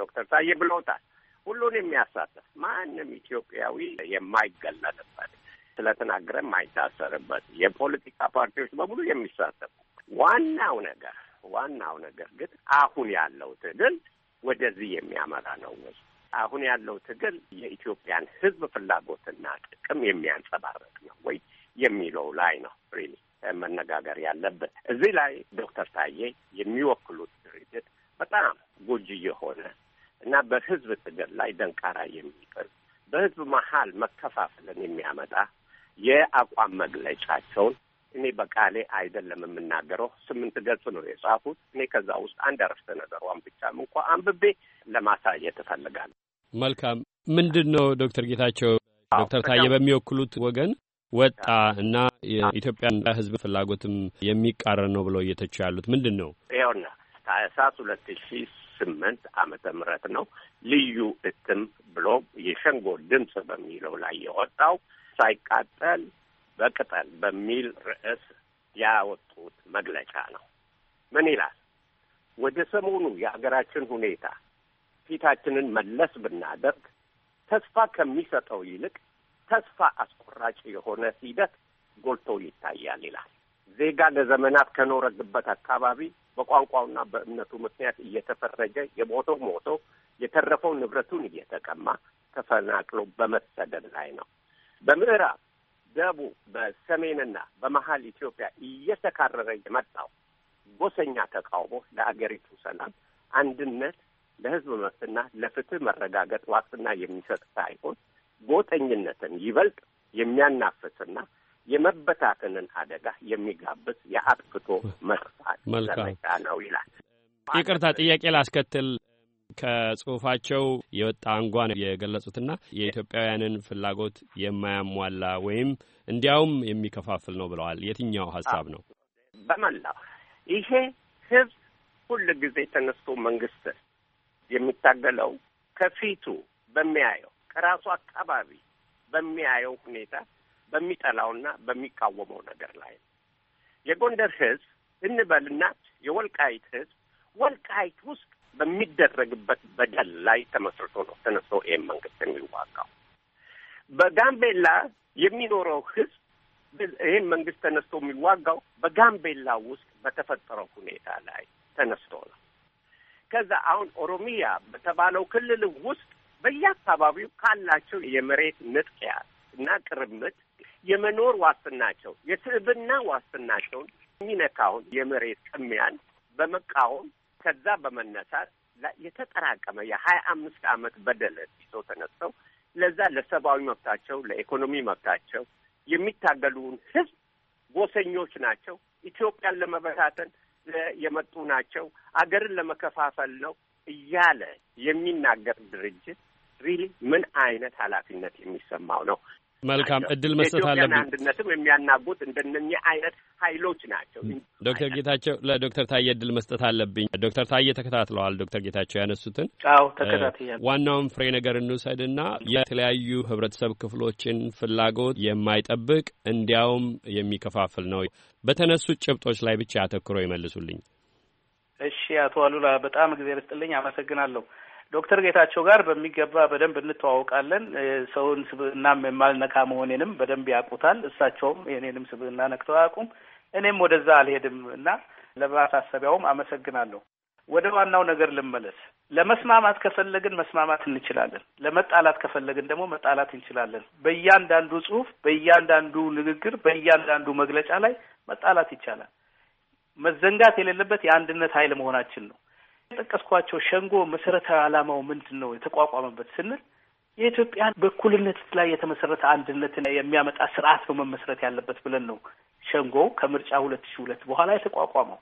ዶክተር ታዬ ብለውታል። ሁሉን የሚያሳተፍ ማንም ኢትዮጵያዊ የማይገለልበት ስለተናገረ የማይታሰርበት የፖለቲካ ፓርቲዎች በሙሉ የሚሳተፉ ዋናው ነገር ዋናው ነገር ግን አሁን ያለው ትግል ወደዚህ የሚያመራ ነው ወይ? አሁን ያለው ትግል የኢትዮጵያን ሕዝብ ፍላጎትና ጥቅም የሚያንጸባረቅ ነው ወይ የሚለው ላይ ነው ሪሊ መነጋገር ያለብን። እዚህ ላይ ዶክተር ታዬ የሚወክሉት ድርጅት በጣም ጎጂ የሆነ እና በሕዝብ ትግል ላይ ደንቃራ የሚጥል በሕዝብ መሀል መከፋፈልን የሚያመጣ የአቋም መግለጫቸውን እኔ በቃሌ አይደለም የምናገረው። ስምንት ገጽ ነው የጻፉት። እኔ ከዛ ውስጥ አንድ አረፍተ ነገሯን ብቻም እንኳ አንብቤ ለማሳየት እፈልጋለሁ። መልካም። ምንድን ነው ዶክተር ጌታቸው ዶክተር ታዬ በሚወክሉት ወገን ወጣ እና የኢትዮጵያን ሕዝብ ፍላጎትም የሚቃረን ነው ብለው እየተቹ ያሉት ምንድን ነው? ይኸውና ታህሳስ ሁለት ሺ ስምንት አመተ ምህረት ነው ልዩ እትም ብሎ የሸንጎ ድምፅ በሚለው ላይ የወጣው ሳይቃጠል በቅጠል በሚል ርዕስ ያወጡት መግለጫ ነው። ምን ይላል? ወደ ሰሞኑ የአገራችን ሁኔታ ፊታችንን መለስ ብናደርግ ተስፋ ከሚሰጠው ይልቅ ተስፋ አስቆራጭ የሆነ ሂደት ጎልቶ ይታያል ይላል። ዜጋ ለዘመናት ከኖረግበት አካባቢ በቋንቋውና በእምነቱ ምክንያት እየተፈረጀ የሞተው ሞቶ የተረፈው ንብረቱን እየተቀማ ተፈናቅሎ በመሰደድ ላይ ነው። በምዕራብ ደቡብ በሰሜንና በመሀል ኢትዮጵያ እየተካረረ የመጣው ጎሰኛ ተቃውሞ ለአገሪቱ ሰላም፣ አንድነት፣ ለህዝብ መብትና ለፍትህ መረጋገጥ ዋስትና የሚሰጥ ሳይሆን ጎጠኝነትን ይበልጥ የሚያናፍስና የመበታተንን አደጋ የሚጋብዝ የአጥፍቶ መጥፋት ዘመቻ ነው ይላል። ይቅርታ ጥያቄ ላስከትል። ከጽሁፋቸው የወጣ አንጓ ነው የገለጹትና የኢትዮጵያውያንን ፍላጎት የማያሟላ ወይም እንዲያውም የሚከፋፍል ነው ብለዋል። የትኛው ሀሳብ ነው? በመላ ይሄ ህዝብ ሁል ጊዜ ተነስቶ መንግስት የሚታገለው ከፊቱ በሚያየው ከራሱ አካባቢ በሚያየው ሁኔታ በሚጠላውና በሚቃወመው ነገር ላይ ነው። የጎንደር ህዝብ እንበልና የወልቃይት ህዝብ ወልቃይት ውስጥ በሚደረግበት በደል ላይ ተመስርቶ ነው ተነስቶ ይህም መንግስት የሚዋጋው። በጋምቤላ የሚኖረው ህዝብ ይህም መንግስት ተነስቶ የሚዋጋው በጋምቤላ ውስጥ በተፈጠረው ሁኔታ ላይ ተነስቶ ነው። ከዛ አሁን ኦሮሚያ በተባለው ክልል ውስጥ በየአካባቢው ካላቸው የመሬት ንጥቂያ እና ቅርምት የመኖር ዋስትናቸው የስዕብና ዋስትናቸውን የሚነካውን የመሬት ቅሚያን በመቃወም ከዛ በመነሳት የተጠራቀመ የሀያ አምስት አመት በደል ይዘው ተነስተው ለዛ ለሰብአዊ መብታቸው ለኢኮኖሚ መብታቸው የሚታገሉን ህዝብ ጎሰኞች ናቸው፣ ኢትዮጵያን ለመበታተን የመጡ ናቸው፣ አገርን ለመከፋፈል ነው እያለ የሚናገር ድርጅት ሪሊ ምን አይነት ኃላፊነት የሚሰማው ነው? መልካም እድል መስጠት አለብን። አንድነትም የሚያናጉት እንደነኛ አይነት ኃይሎች ናቸው። ዶክተር ጌታቸው ለዶክተር ታዬ እድል መስጠት አለብኝ። ዶክተር ታዬ ተከታትለዋል። ዶክተር ጌታቸው ያነሱትን ው ተከታትያል። ዋናውን ፍሬ ነገር እንውሰድና የተለያዩ ህብረተሰብ ክፍሎችን ፍላጎት የማይጠብቅ እንዲያውም የሚከፋፍል ነው። በተነሱት ጭብጦች ላይ ብቻ አተኩረው ይመልሱልኝ። እሺ አቶ አሉላ በጣም እግዚአብሔር ይስጥልኝ። አመሰግናለሁ። ዶክተር ጌታቸው ጋር በሚገባ በደንብ እንተዋወቃለን። ሰውን ስብዕናም የማልነካ መሆኔንም በደንብ ያውቁታል። እሳቸውም የኔንም ስብዕና ነክተው አያውቁም። እኔም ወደዛ አልሄድም እና ለማሳሰቢያውም አመሰግናለሁ። ወደ ዋናው ነገር ልመለስ። ለመስማማት ከፈለግን መስማማት እንችላለን። ለመጣላት ከፈለግን ደግሞ መጣላት እንችላለን። በእያንዳንዱ ጽሁፍ በእያንዳንዱ ንግግር፣ በእያንዳንዱ መግለጫ ላይ መጣላት ይቻላል። መዘንጋት የሌለበት የአንድነት ኃይል መሆናችን ነው። የጠቀስኳቸው ሸንጎ መሰረታዊ ዓላማው ምንድን ነው የተቋቋመበት ስንል የኢትዮጵያን በእኩልነት ላይ የተመሰረተ አንድነትን የሚያመጣ ስርዓት ነው መመስረት ያለበት ብለን ነው ሸንጎ ከምርጫ ሁለት ሺ ሁለት በኋላ የተቋቋመው።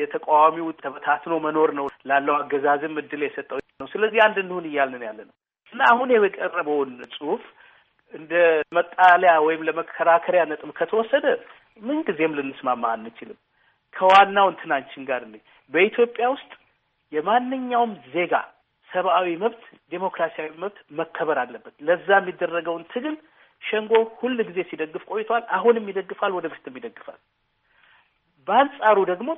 የተቃዋሚው ተበታትኖ መኖር ነው ላለው አገዛዝም እድል የሰጠው ነው። ስለዚህ አንድ እንሁን እያልን ያለ ነው እና አሁን የቀረበውን ጽሁፍ እንደ መጣሊያ ወይም ለመከራከሪያ ነጥብ ከተወሰደ ምንጊዜም ልንስማማ አንችልም። ከዋናው እንትናችን ጋር በኢትዮጵያ ውስጥ የማንኛውም ዜጋ ሰብአዊ መብት፣ ዴሞክራሲያዊ መብት መከበር አለበት። ለዛ የሚደረገውን ትግል ሸንጎ ሁል ጊዜ ሲደግፍ ቆይቷል። አሁንም ይደግፋል፣ ወደፊትም ይደግፋል። በአንጻሩ ደግሞ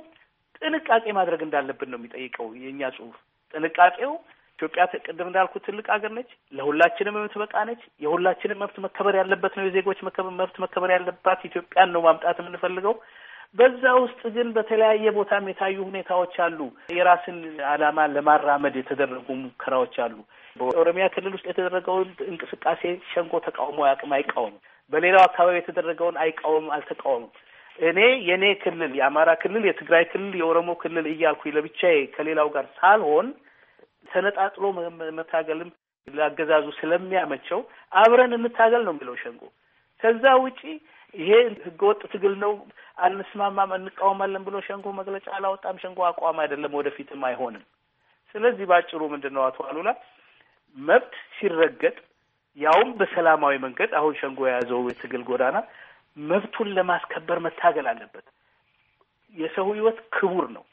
ጥንቃቄ ማድረግ እንዳለብን ነው የሚጠይቀው የእኛ ጽሁፍ ጥንቃቄው ኢትዮጵያ ቅድም እንዳልኩት ትልቅ ሀገር ነች። ለሁላችንም የምትበቃ ነች። የሁላችንም መብት መከበር ያለበት ነው። የዜጎች መብት መከበር ያለባት ኢትዮጵያን ነው ማምጣት የምንፈልገው። በዛ ውስጥ ግን በተለያየ ቦታም የታዩ ሁኔታዎች አሉ። የራስን ዓላማ ለማራመድ የተደረጉ ሙከራዎች አሉ። በኦሮሚያ ክልል ውስጥ የተደረገውን እንቅስቃሴ ሸንጎ ተቃውሞ አያውቅም፣ አይቃወምም። በሌላው አካባቢ የተደረገውን አይቃወም አልተቃወምም። እኔ የእኔ ክልል የአማራ ክልል፣ የትግራይ ክልል፣ የኦሮሞ ክልል እያልኩ ለብቻዬ ከሌላው ጋር ሳልሆን ተነጣጥሎ መታገልም ለአገዛዙ ስለሚያመቸው አብረን እንታገል ነው የሚለው ሸንጎ። ከዛ ውጪ ይሄ ህገወጥ ትግል ነው፣ አንስማማም፣ እንቃወማለን ብሎ ሸንጎ መግለጫ አላወጣም። ሸንጎ አቋም አይደለም፣ ወደፊትም አይሆንም። ስለዚህ በአጭሩ ምንድን ነው አቶ አሉላ መብት ሲረገጥ ያውም በሰላማዊ መንገድ አሁን ሸንጎ የያዘው የትግል ጎዳና መብቱን ለማስከበር መታገል አለበት። የሰው ህይወት ክቡር ነው።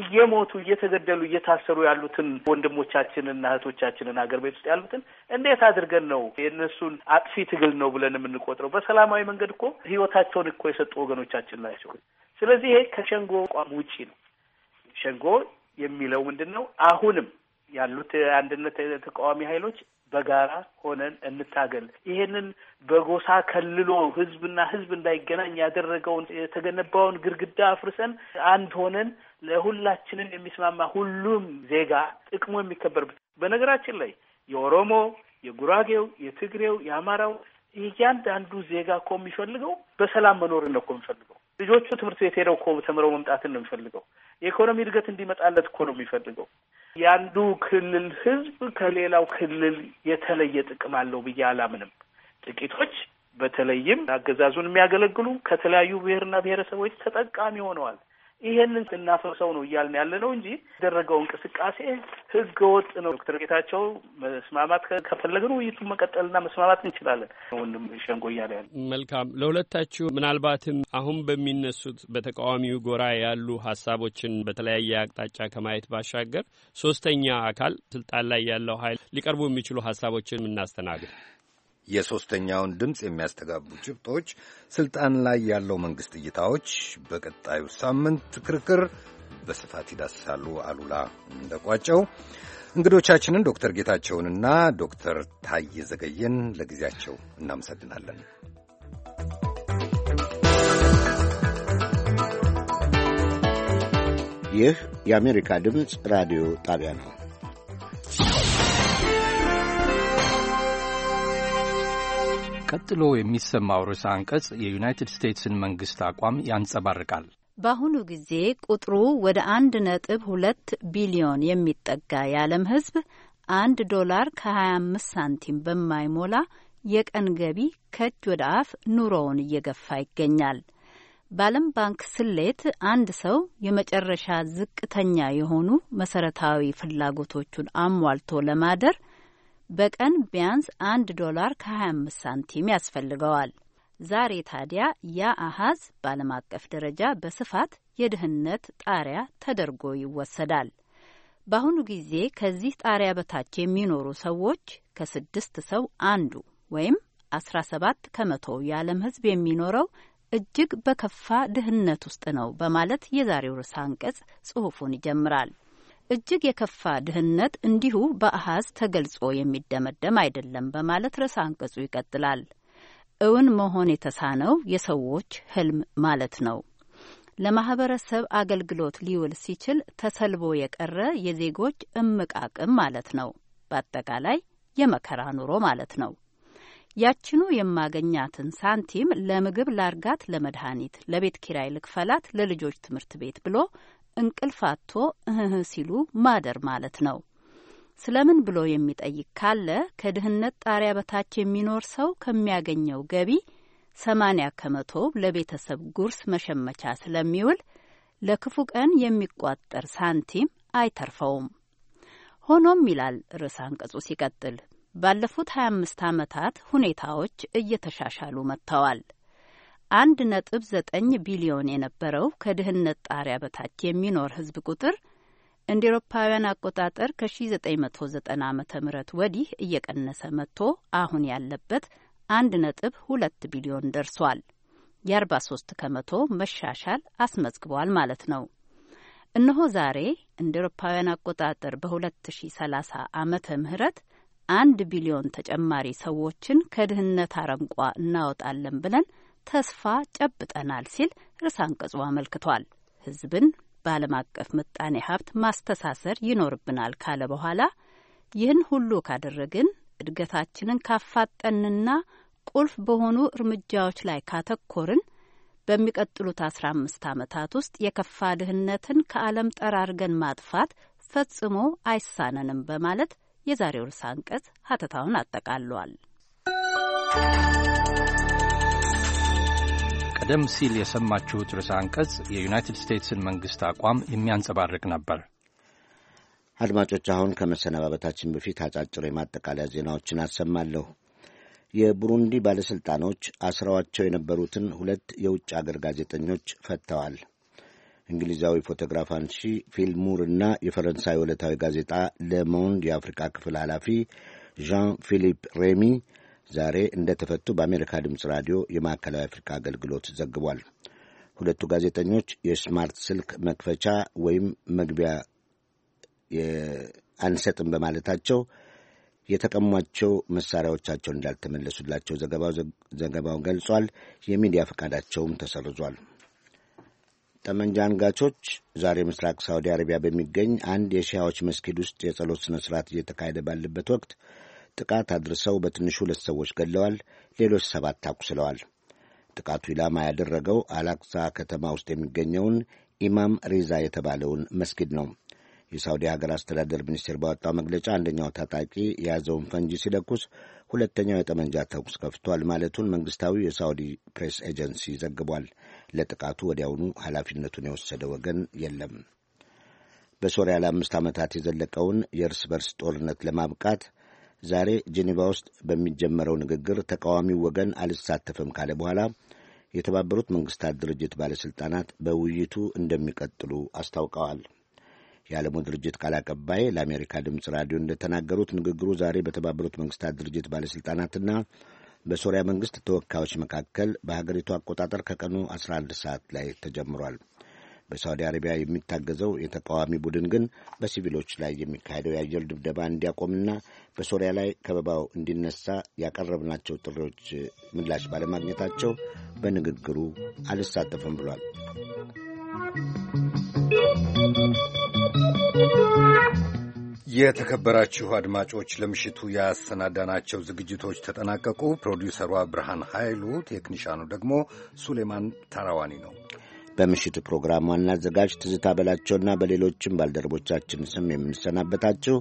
እየሞቱ እየተገደሉ እየታሰሩ ያሉትን ወንድሞቻችንና እህቶቻችንን ሀገር ቤት ውስጥ ያሉትን እንዴት አድርገን ነው የእነሱን አጥፊ ትግል ነው ብለን የምንቆጥረው? በሰላማዊ መንገድ እኮ ህይወታቸውን እኮ የሰጡ ወገኖቻችን ናቸው። ስለዚህ ይሄ ከሸንጎ አቋም ውጪ ነው። ሸንጎ የሚለው ምንድን ነው? አሁንም ያሉት አንድነት ተቃዋሚ ኃይሎች በጋራ ሆነን እንታገል። ይሄንን በጎሳ ከልሎ ህዝብና ህዝብ እንዳይገናኝ ያደረገውን የተገነባውን ግድግዳ አፍርሰን አንድ ሆነን ለሁላችንም የሚስማማ ሁሉም ዜጋ ጥቅሙ የሚከበርበት በነገራችን ላይ የኦሮሞ፣ የጉራጌው፣ የትግሬው፣ የአማራው እያንዳንዱ ዜጋ እኮ የሚፈልገው በሰላም መኖር ነው እኮ የሚፈልገው ልጆቹ ትምህርት ቤት ሄደው እኮ ተምረው መምጣትን ነው የሚፈልገው። የኢኮኖሚ እድገት እንዲመጣለት እኮ ነው የሚፈልገው። የአንዱ ክልል ህዝብ ከሌላው ክልል የተለየ ጥቅም አለው ብዬ አላምንም። ጥቂቶች በተለይም አገዛዙን የሚያገለግሉ ከተለያዩ ብሔርና ብሔረሰቦች ተጠቃሚ ሆነዋል። ይሄንን እናፈርሰው ነው እያልን ያለ ነው እንጂ ያደረገው እንቅስቃሴ ህገ ወጥ ነው። ዶክተር ጌታቸው መስማማት ከፈለግን ውይይቱን መቀጠልና መስማማት እንችላለን። ወንድም ሸንጎ እያለ ያለ መልካም። ለሁለታችሁ ምናልባትም አሁን በሚነሱት በተቃዋሚው ጎራ ያሉ ሀሳቦችን በተለያየ አቅጣጫ ከማየት ባሻገር ሶስተኛ አካል ስልጣን ላይ ያለው ኃይል ሊቀርቡ የሚችሉ ሀሳቦችን የምናስተናግድ የሦስተኛውን ድምፅ የሚያስተጋቡ ጭብጦች፣ ስልጣን ላይ ያለው መንግሥት እይታዎች በቀጣዩ ሳምንት ክርክር በስፋት ይዳስሳሉ። አሉላ እንደቋጨው እንግዶቻችንን ዶክተር ጌታቸውንና ዶክተር ታየ ዘገየን ለጊዜያቸው እናመሰግናለን። ይህ የአሜሪካ ድምፅ ራዲዮ ጣቢያ ነው። ቀጥሎ የሚሰማው ርዕሰ አንቀጽ የዩናይትድ ስቴትስን መንግስት አቋም ያንጸባርቃል። በአሁኑ ጊዜ ቁጥሩ ወደ አንድ ነጥብ ሁለት ቢሊዮን የሚጠጋ የዓለም ህዝብ አንድ ዶላር ከ25 ሳንቲም በማይሞላ የቀን ገቢ ከእጅ ወደ አፍ ኑሮውን እየገፋ ይገኛል። በዓለም ባንክ ስሌት አንድ ሰው የመጨረሻ ዝቅተኛ የሆኑ መሰረታዊ ፍላጎቶቹን አሟልቶ ለማደር በቀን ቢያንስ አንድ ዶላር ከ25 ሳንቲም ያስፈልገዋል። ዛሬ ታዲያ ያ አሃዝ በዓለም አቀፍ ደረጃ በስፋት የድህነት ጣሪያ ተደርጎ ይወሰዳል። በአሁኑ ጊዜ ከዚህ ጣሪያ በታች የሚኖሩ ሰዎች ከስድስት ሰው አንዱ ወይም አስራ ሰባት ከመቶ የዓለም ሕዝብ የሚኖረው እጅግ በከፋ ድህነት ውስጥ ነው በማለት የዛሬው ርዕሰ አንቀጽ ጽሑፉን ይጀምራል። እጅግ የከፋ ድህነት እንዲሁ በአሃዝ ተገልጾ የሚደመደም አይደለም በማለት ርዕሰ አንቀጹ ይቀጥላል። እውን መሆን የተሳነው የሰዎች ህልም ማለት ነው። ለማህበረሰብ አገልግሎት ሊውል ሲችል ተሰልቦ የቀረ የዜጎች እምቅ አቅም ማለት ነው። በአጠቃላይ የመከራ ኑሮ ማለት ነው። ያችኑ የማገኛትን ሳንቲም ለምግብ ላርጋት፣ ለመድኃኒት፣ ለቤት ኪራይ ልክፈላት፣ ለልጆች ትምህርት ቤት ብሎ እንቅልፍ አጥቶ እህህ ሲሉ ማደር ማለት ነው። ስለምን ብሎ የሚጠይቅ ካለ ከድህነት ጣሪያ በታች የሚኖር ሰው ከሚያገኘው ገቢ ሰማኒያ ከመቶ ለቤተሰብ ጉርስ መሸመቻ ስለሚውል ለክፉ ቀን የሚቋጠር ሳንቲም አይተርፈውም። ሆኖም ይላል ርዕስ አንቀጹ ሲቀጥል ባለፉት 25 ዓመታት ሁኔታዎች እየተሻሻሉ መጥተዋል። አንድ ነጥብ ዘጠኝ ቢሊዮን የነበረው ከድህነት ጣሪያ በታች የሚኖር ህዝብ ቁጥር እንደ ኤሮፓውያን አቆጣጠር ከ1990 ዓ ም ወዲህ እየቀነሰ መጥቶ አሁን ያለበት አንድ ነጥብ ሁለት ቢሊዮን ደርሷል። የ43 ከመቶ መሻሻል አስመዝግቧል ማለት ነው። እነሆ ዛሬ እንደ ኤሮፓውያን አቆጣጠር በ2030 ዓመተ ምህረት አንድ ቢሊዮን ተጨማሪ ሰዎችን ከድህነት አረንቋ እናወጣለን ብለን ተስፋ ጨብጠናል ሲል ርዕሰ አንቀጹ አመልክቷል። ህዝብን በዓለም አቀፍ ምጣኔ ሀብት ማስተሳሰር ይኖርብናል ካለ በኋላ ይህን ሁሉ ካደረግን እድገታችንን ካፋጠንና ቁልፍ በሆኑ እርምጃዎች ላይ ካተኮርን በሚቀጥሉት አስራ አምስት ዓመታት ውስጥ የከፋ ድህነትን ከዓለም ጠራርገን ማጥፋት ፈጽሞ አይሳነንም በማለት የዛሬው ርዕሰ አንቀጽ ሀተታውን አጠቃሏል። ቀደም ሲል የሰማችሁት ርዕሰ አንቀጽ የዩናይትድ ስቴትስን መንግሥት አቋም የሚያንጸባርቅ ነበር። አድማጮች፣ አሁን ከመሰነባበታችን በፊት አጫጭር የማጠቃለያ ዜናዎችን አሰማለሁ። የቡሩንዲ ባለሥልጣኖች አስረዋቸው የነበሩትን ሁለት የውጭ አገር ጋዜጠኞች ፈተዋል። እንግሊዛዊ ፎቶግራፍ አንሺ ፊልሙር እና የፈረንሳይ ዕለታዊ ጋዜጣ ለሞንድ የአፍሪካ ክፍል ኃላፊ ዣን ፊሊፕ ሬሚ ዛሬ እንደተፈቱ በአሜሪካ ድምፅ ራዲዮ የማዕከላዊ አፍሪካ አገልግሎት ዘግቧል። ሁለቱ ጋዜጠኞች የስማርት ስልክ መክፈቻ ወይም መግቢያ አንሰጥም በማለታቸው የተቀሟቸው መሳሪያዎቻቸው እንዳልተመለሱላቸው ዘገባው ገልጿል። የሚዲያ ፈቃዳቸውም ተሰርዟል። ጠመንጃ አንጋቾች ዛሬ ምስራቅ ሳውዲ አረቢያ በሚገኝ አንድ የሺያዎች መስጊድ ውስጥ የጸሎት ስነ ስርዓት እየተካሄደ ባለበት ወቅት ጥቃት አድርሰው በትንሹ ሁለት ሰዎች ገድለዋል፣ ሌሎች ሰባት ታቁስለዋል። ጥቃቱ ኢላማ ያደረገው አላክሳ ከተማ ውስጥ የሚገኘውን ኢማም ሪዛ የተባለውን መስጊድ ነው። የሳውዲ ሀገር አስተዳደር ሚኒስቴር ባወጣው መግለጫ አንደኛው ታጣቂ የያዘውን ፈንጂ ሲለኩስ ሁለተኛው የጠመንጃ ተኩስ ከፍቷል ማለቱን መንግስታዊ የሳውዲ ፕሬስ ኤጀንሲ ዘግቧል። ለጥቃቱ ወዲያውኑ ኃላፊነቱን የወሰደ ወገን የለም። በሶሪያ ለአምስት ዓመታት የዘለቀውን የእርስ በርስ ጦርነት ለማብቃት ዛሬ ጄኔቫ ውስጥ በሚጀመረው ንግግር ተቃዋሚው ወገን አልሳተፍም ካለ በኋላ የተባበሩት መንግስታት ድርጅት ባለሥልጣናት በውይይቱ እንደሚቀጥሉ አስታውቀዋል። የዓለሙ ድርጅት ቃል አቀባይ ለአሜሪካ ድምፅ ራዲዮ እንደተናገሩት ንግግሩ ዛሬ በተባበሩት መንግስታት ድርጅት ባለሥልጣናትና በሶሪያ መንግስት ተወካዮች መካከል በሀገሪቱ አቆጣጠር ከቀኑ 11 ሰዓት ላይ ተጀምሯል። በሳውዲ አረቢያ የሚታገዘው የተቃዋሚ ቡድን ግን በሲቪሎች ላይ የሚካሄደው የአየር ድብደባ እንዲያቆምና በሶሪያ ላይ ከበባው እንዲነሳ ያቀረብናቸው ጥሪዎች ምላሽ ባለማግኘታቸው በንግግሩ አልሳተፍም ብሏል። የተከበራችሁ አድማጮች ለምሽቱ ያሰናዳናቸው ዝግጅቶች ተጠናቀቁ። ፕሮዲውሰሯ ብርሃን ኃይሉ፣ ቴክኒሻኑ ደግሞ ሱሌማን ታራዋኒ ነው። በምሽት ፕሮግራም ዋና አዘጋጅ ትዝታ በላቸውና በሌሎችም ባልደረቦቻችን ስም የምንሰናበታችሁ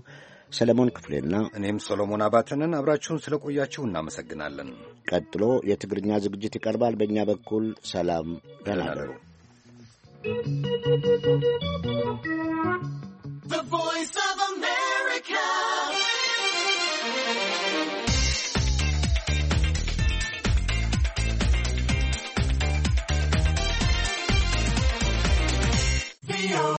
ሰለሞን ክፍሌና እኔም ሰሎሞን አባተንን አብራችሁን ቆያችሁ እናመሰግናለን። ቀጥሎ የትግርኛ ዝግጅት ይቀርባል። በእኛ በኩል ሰላም፣ ደህና እደሩ። The voice of Radio.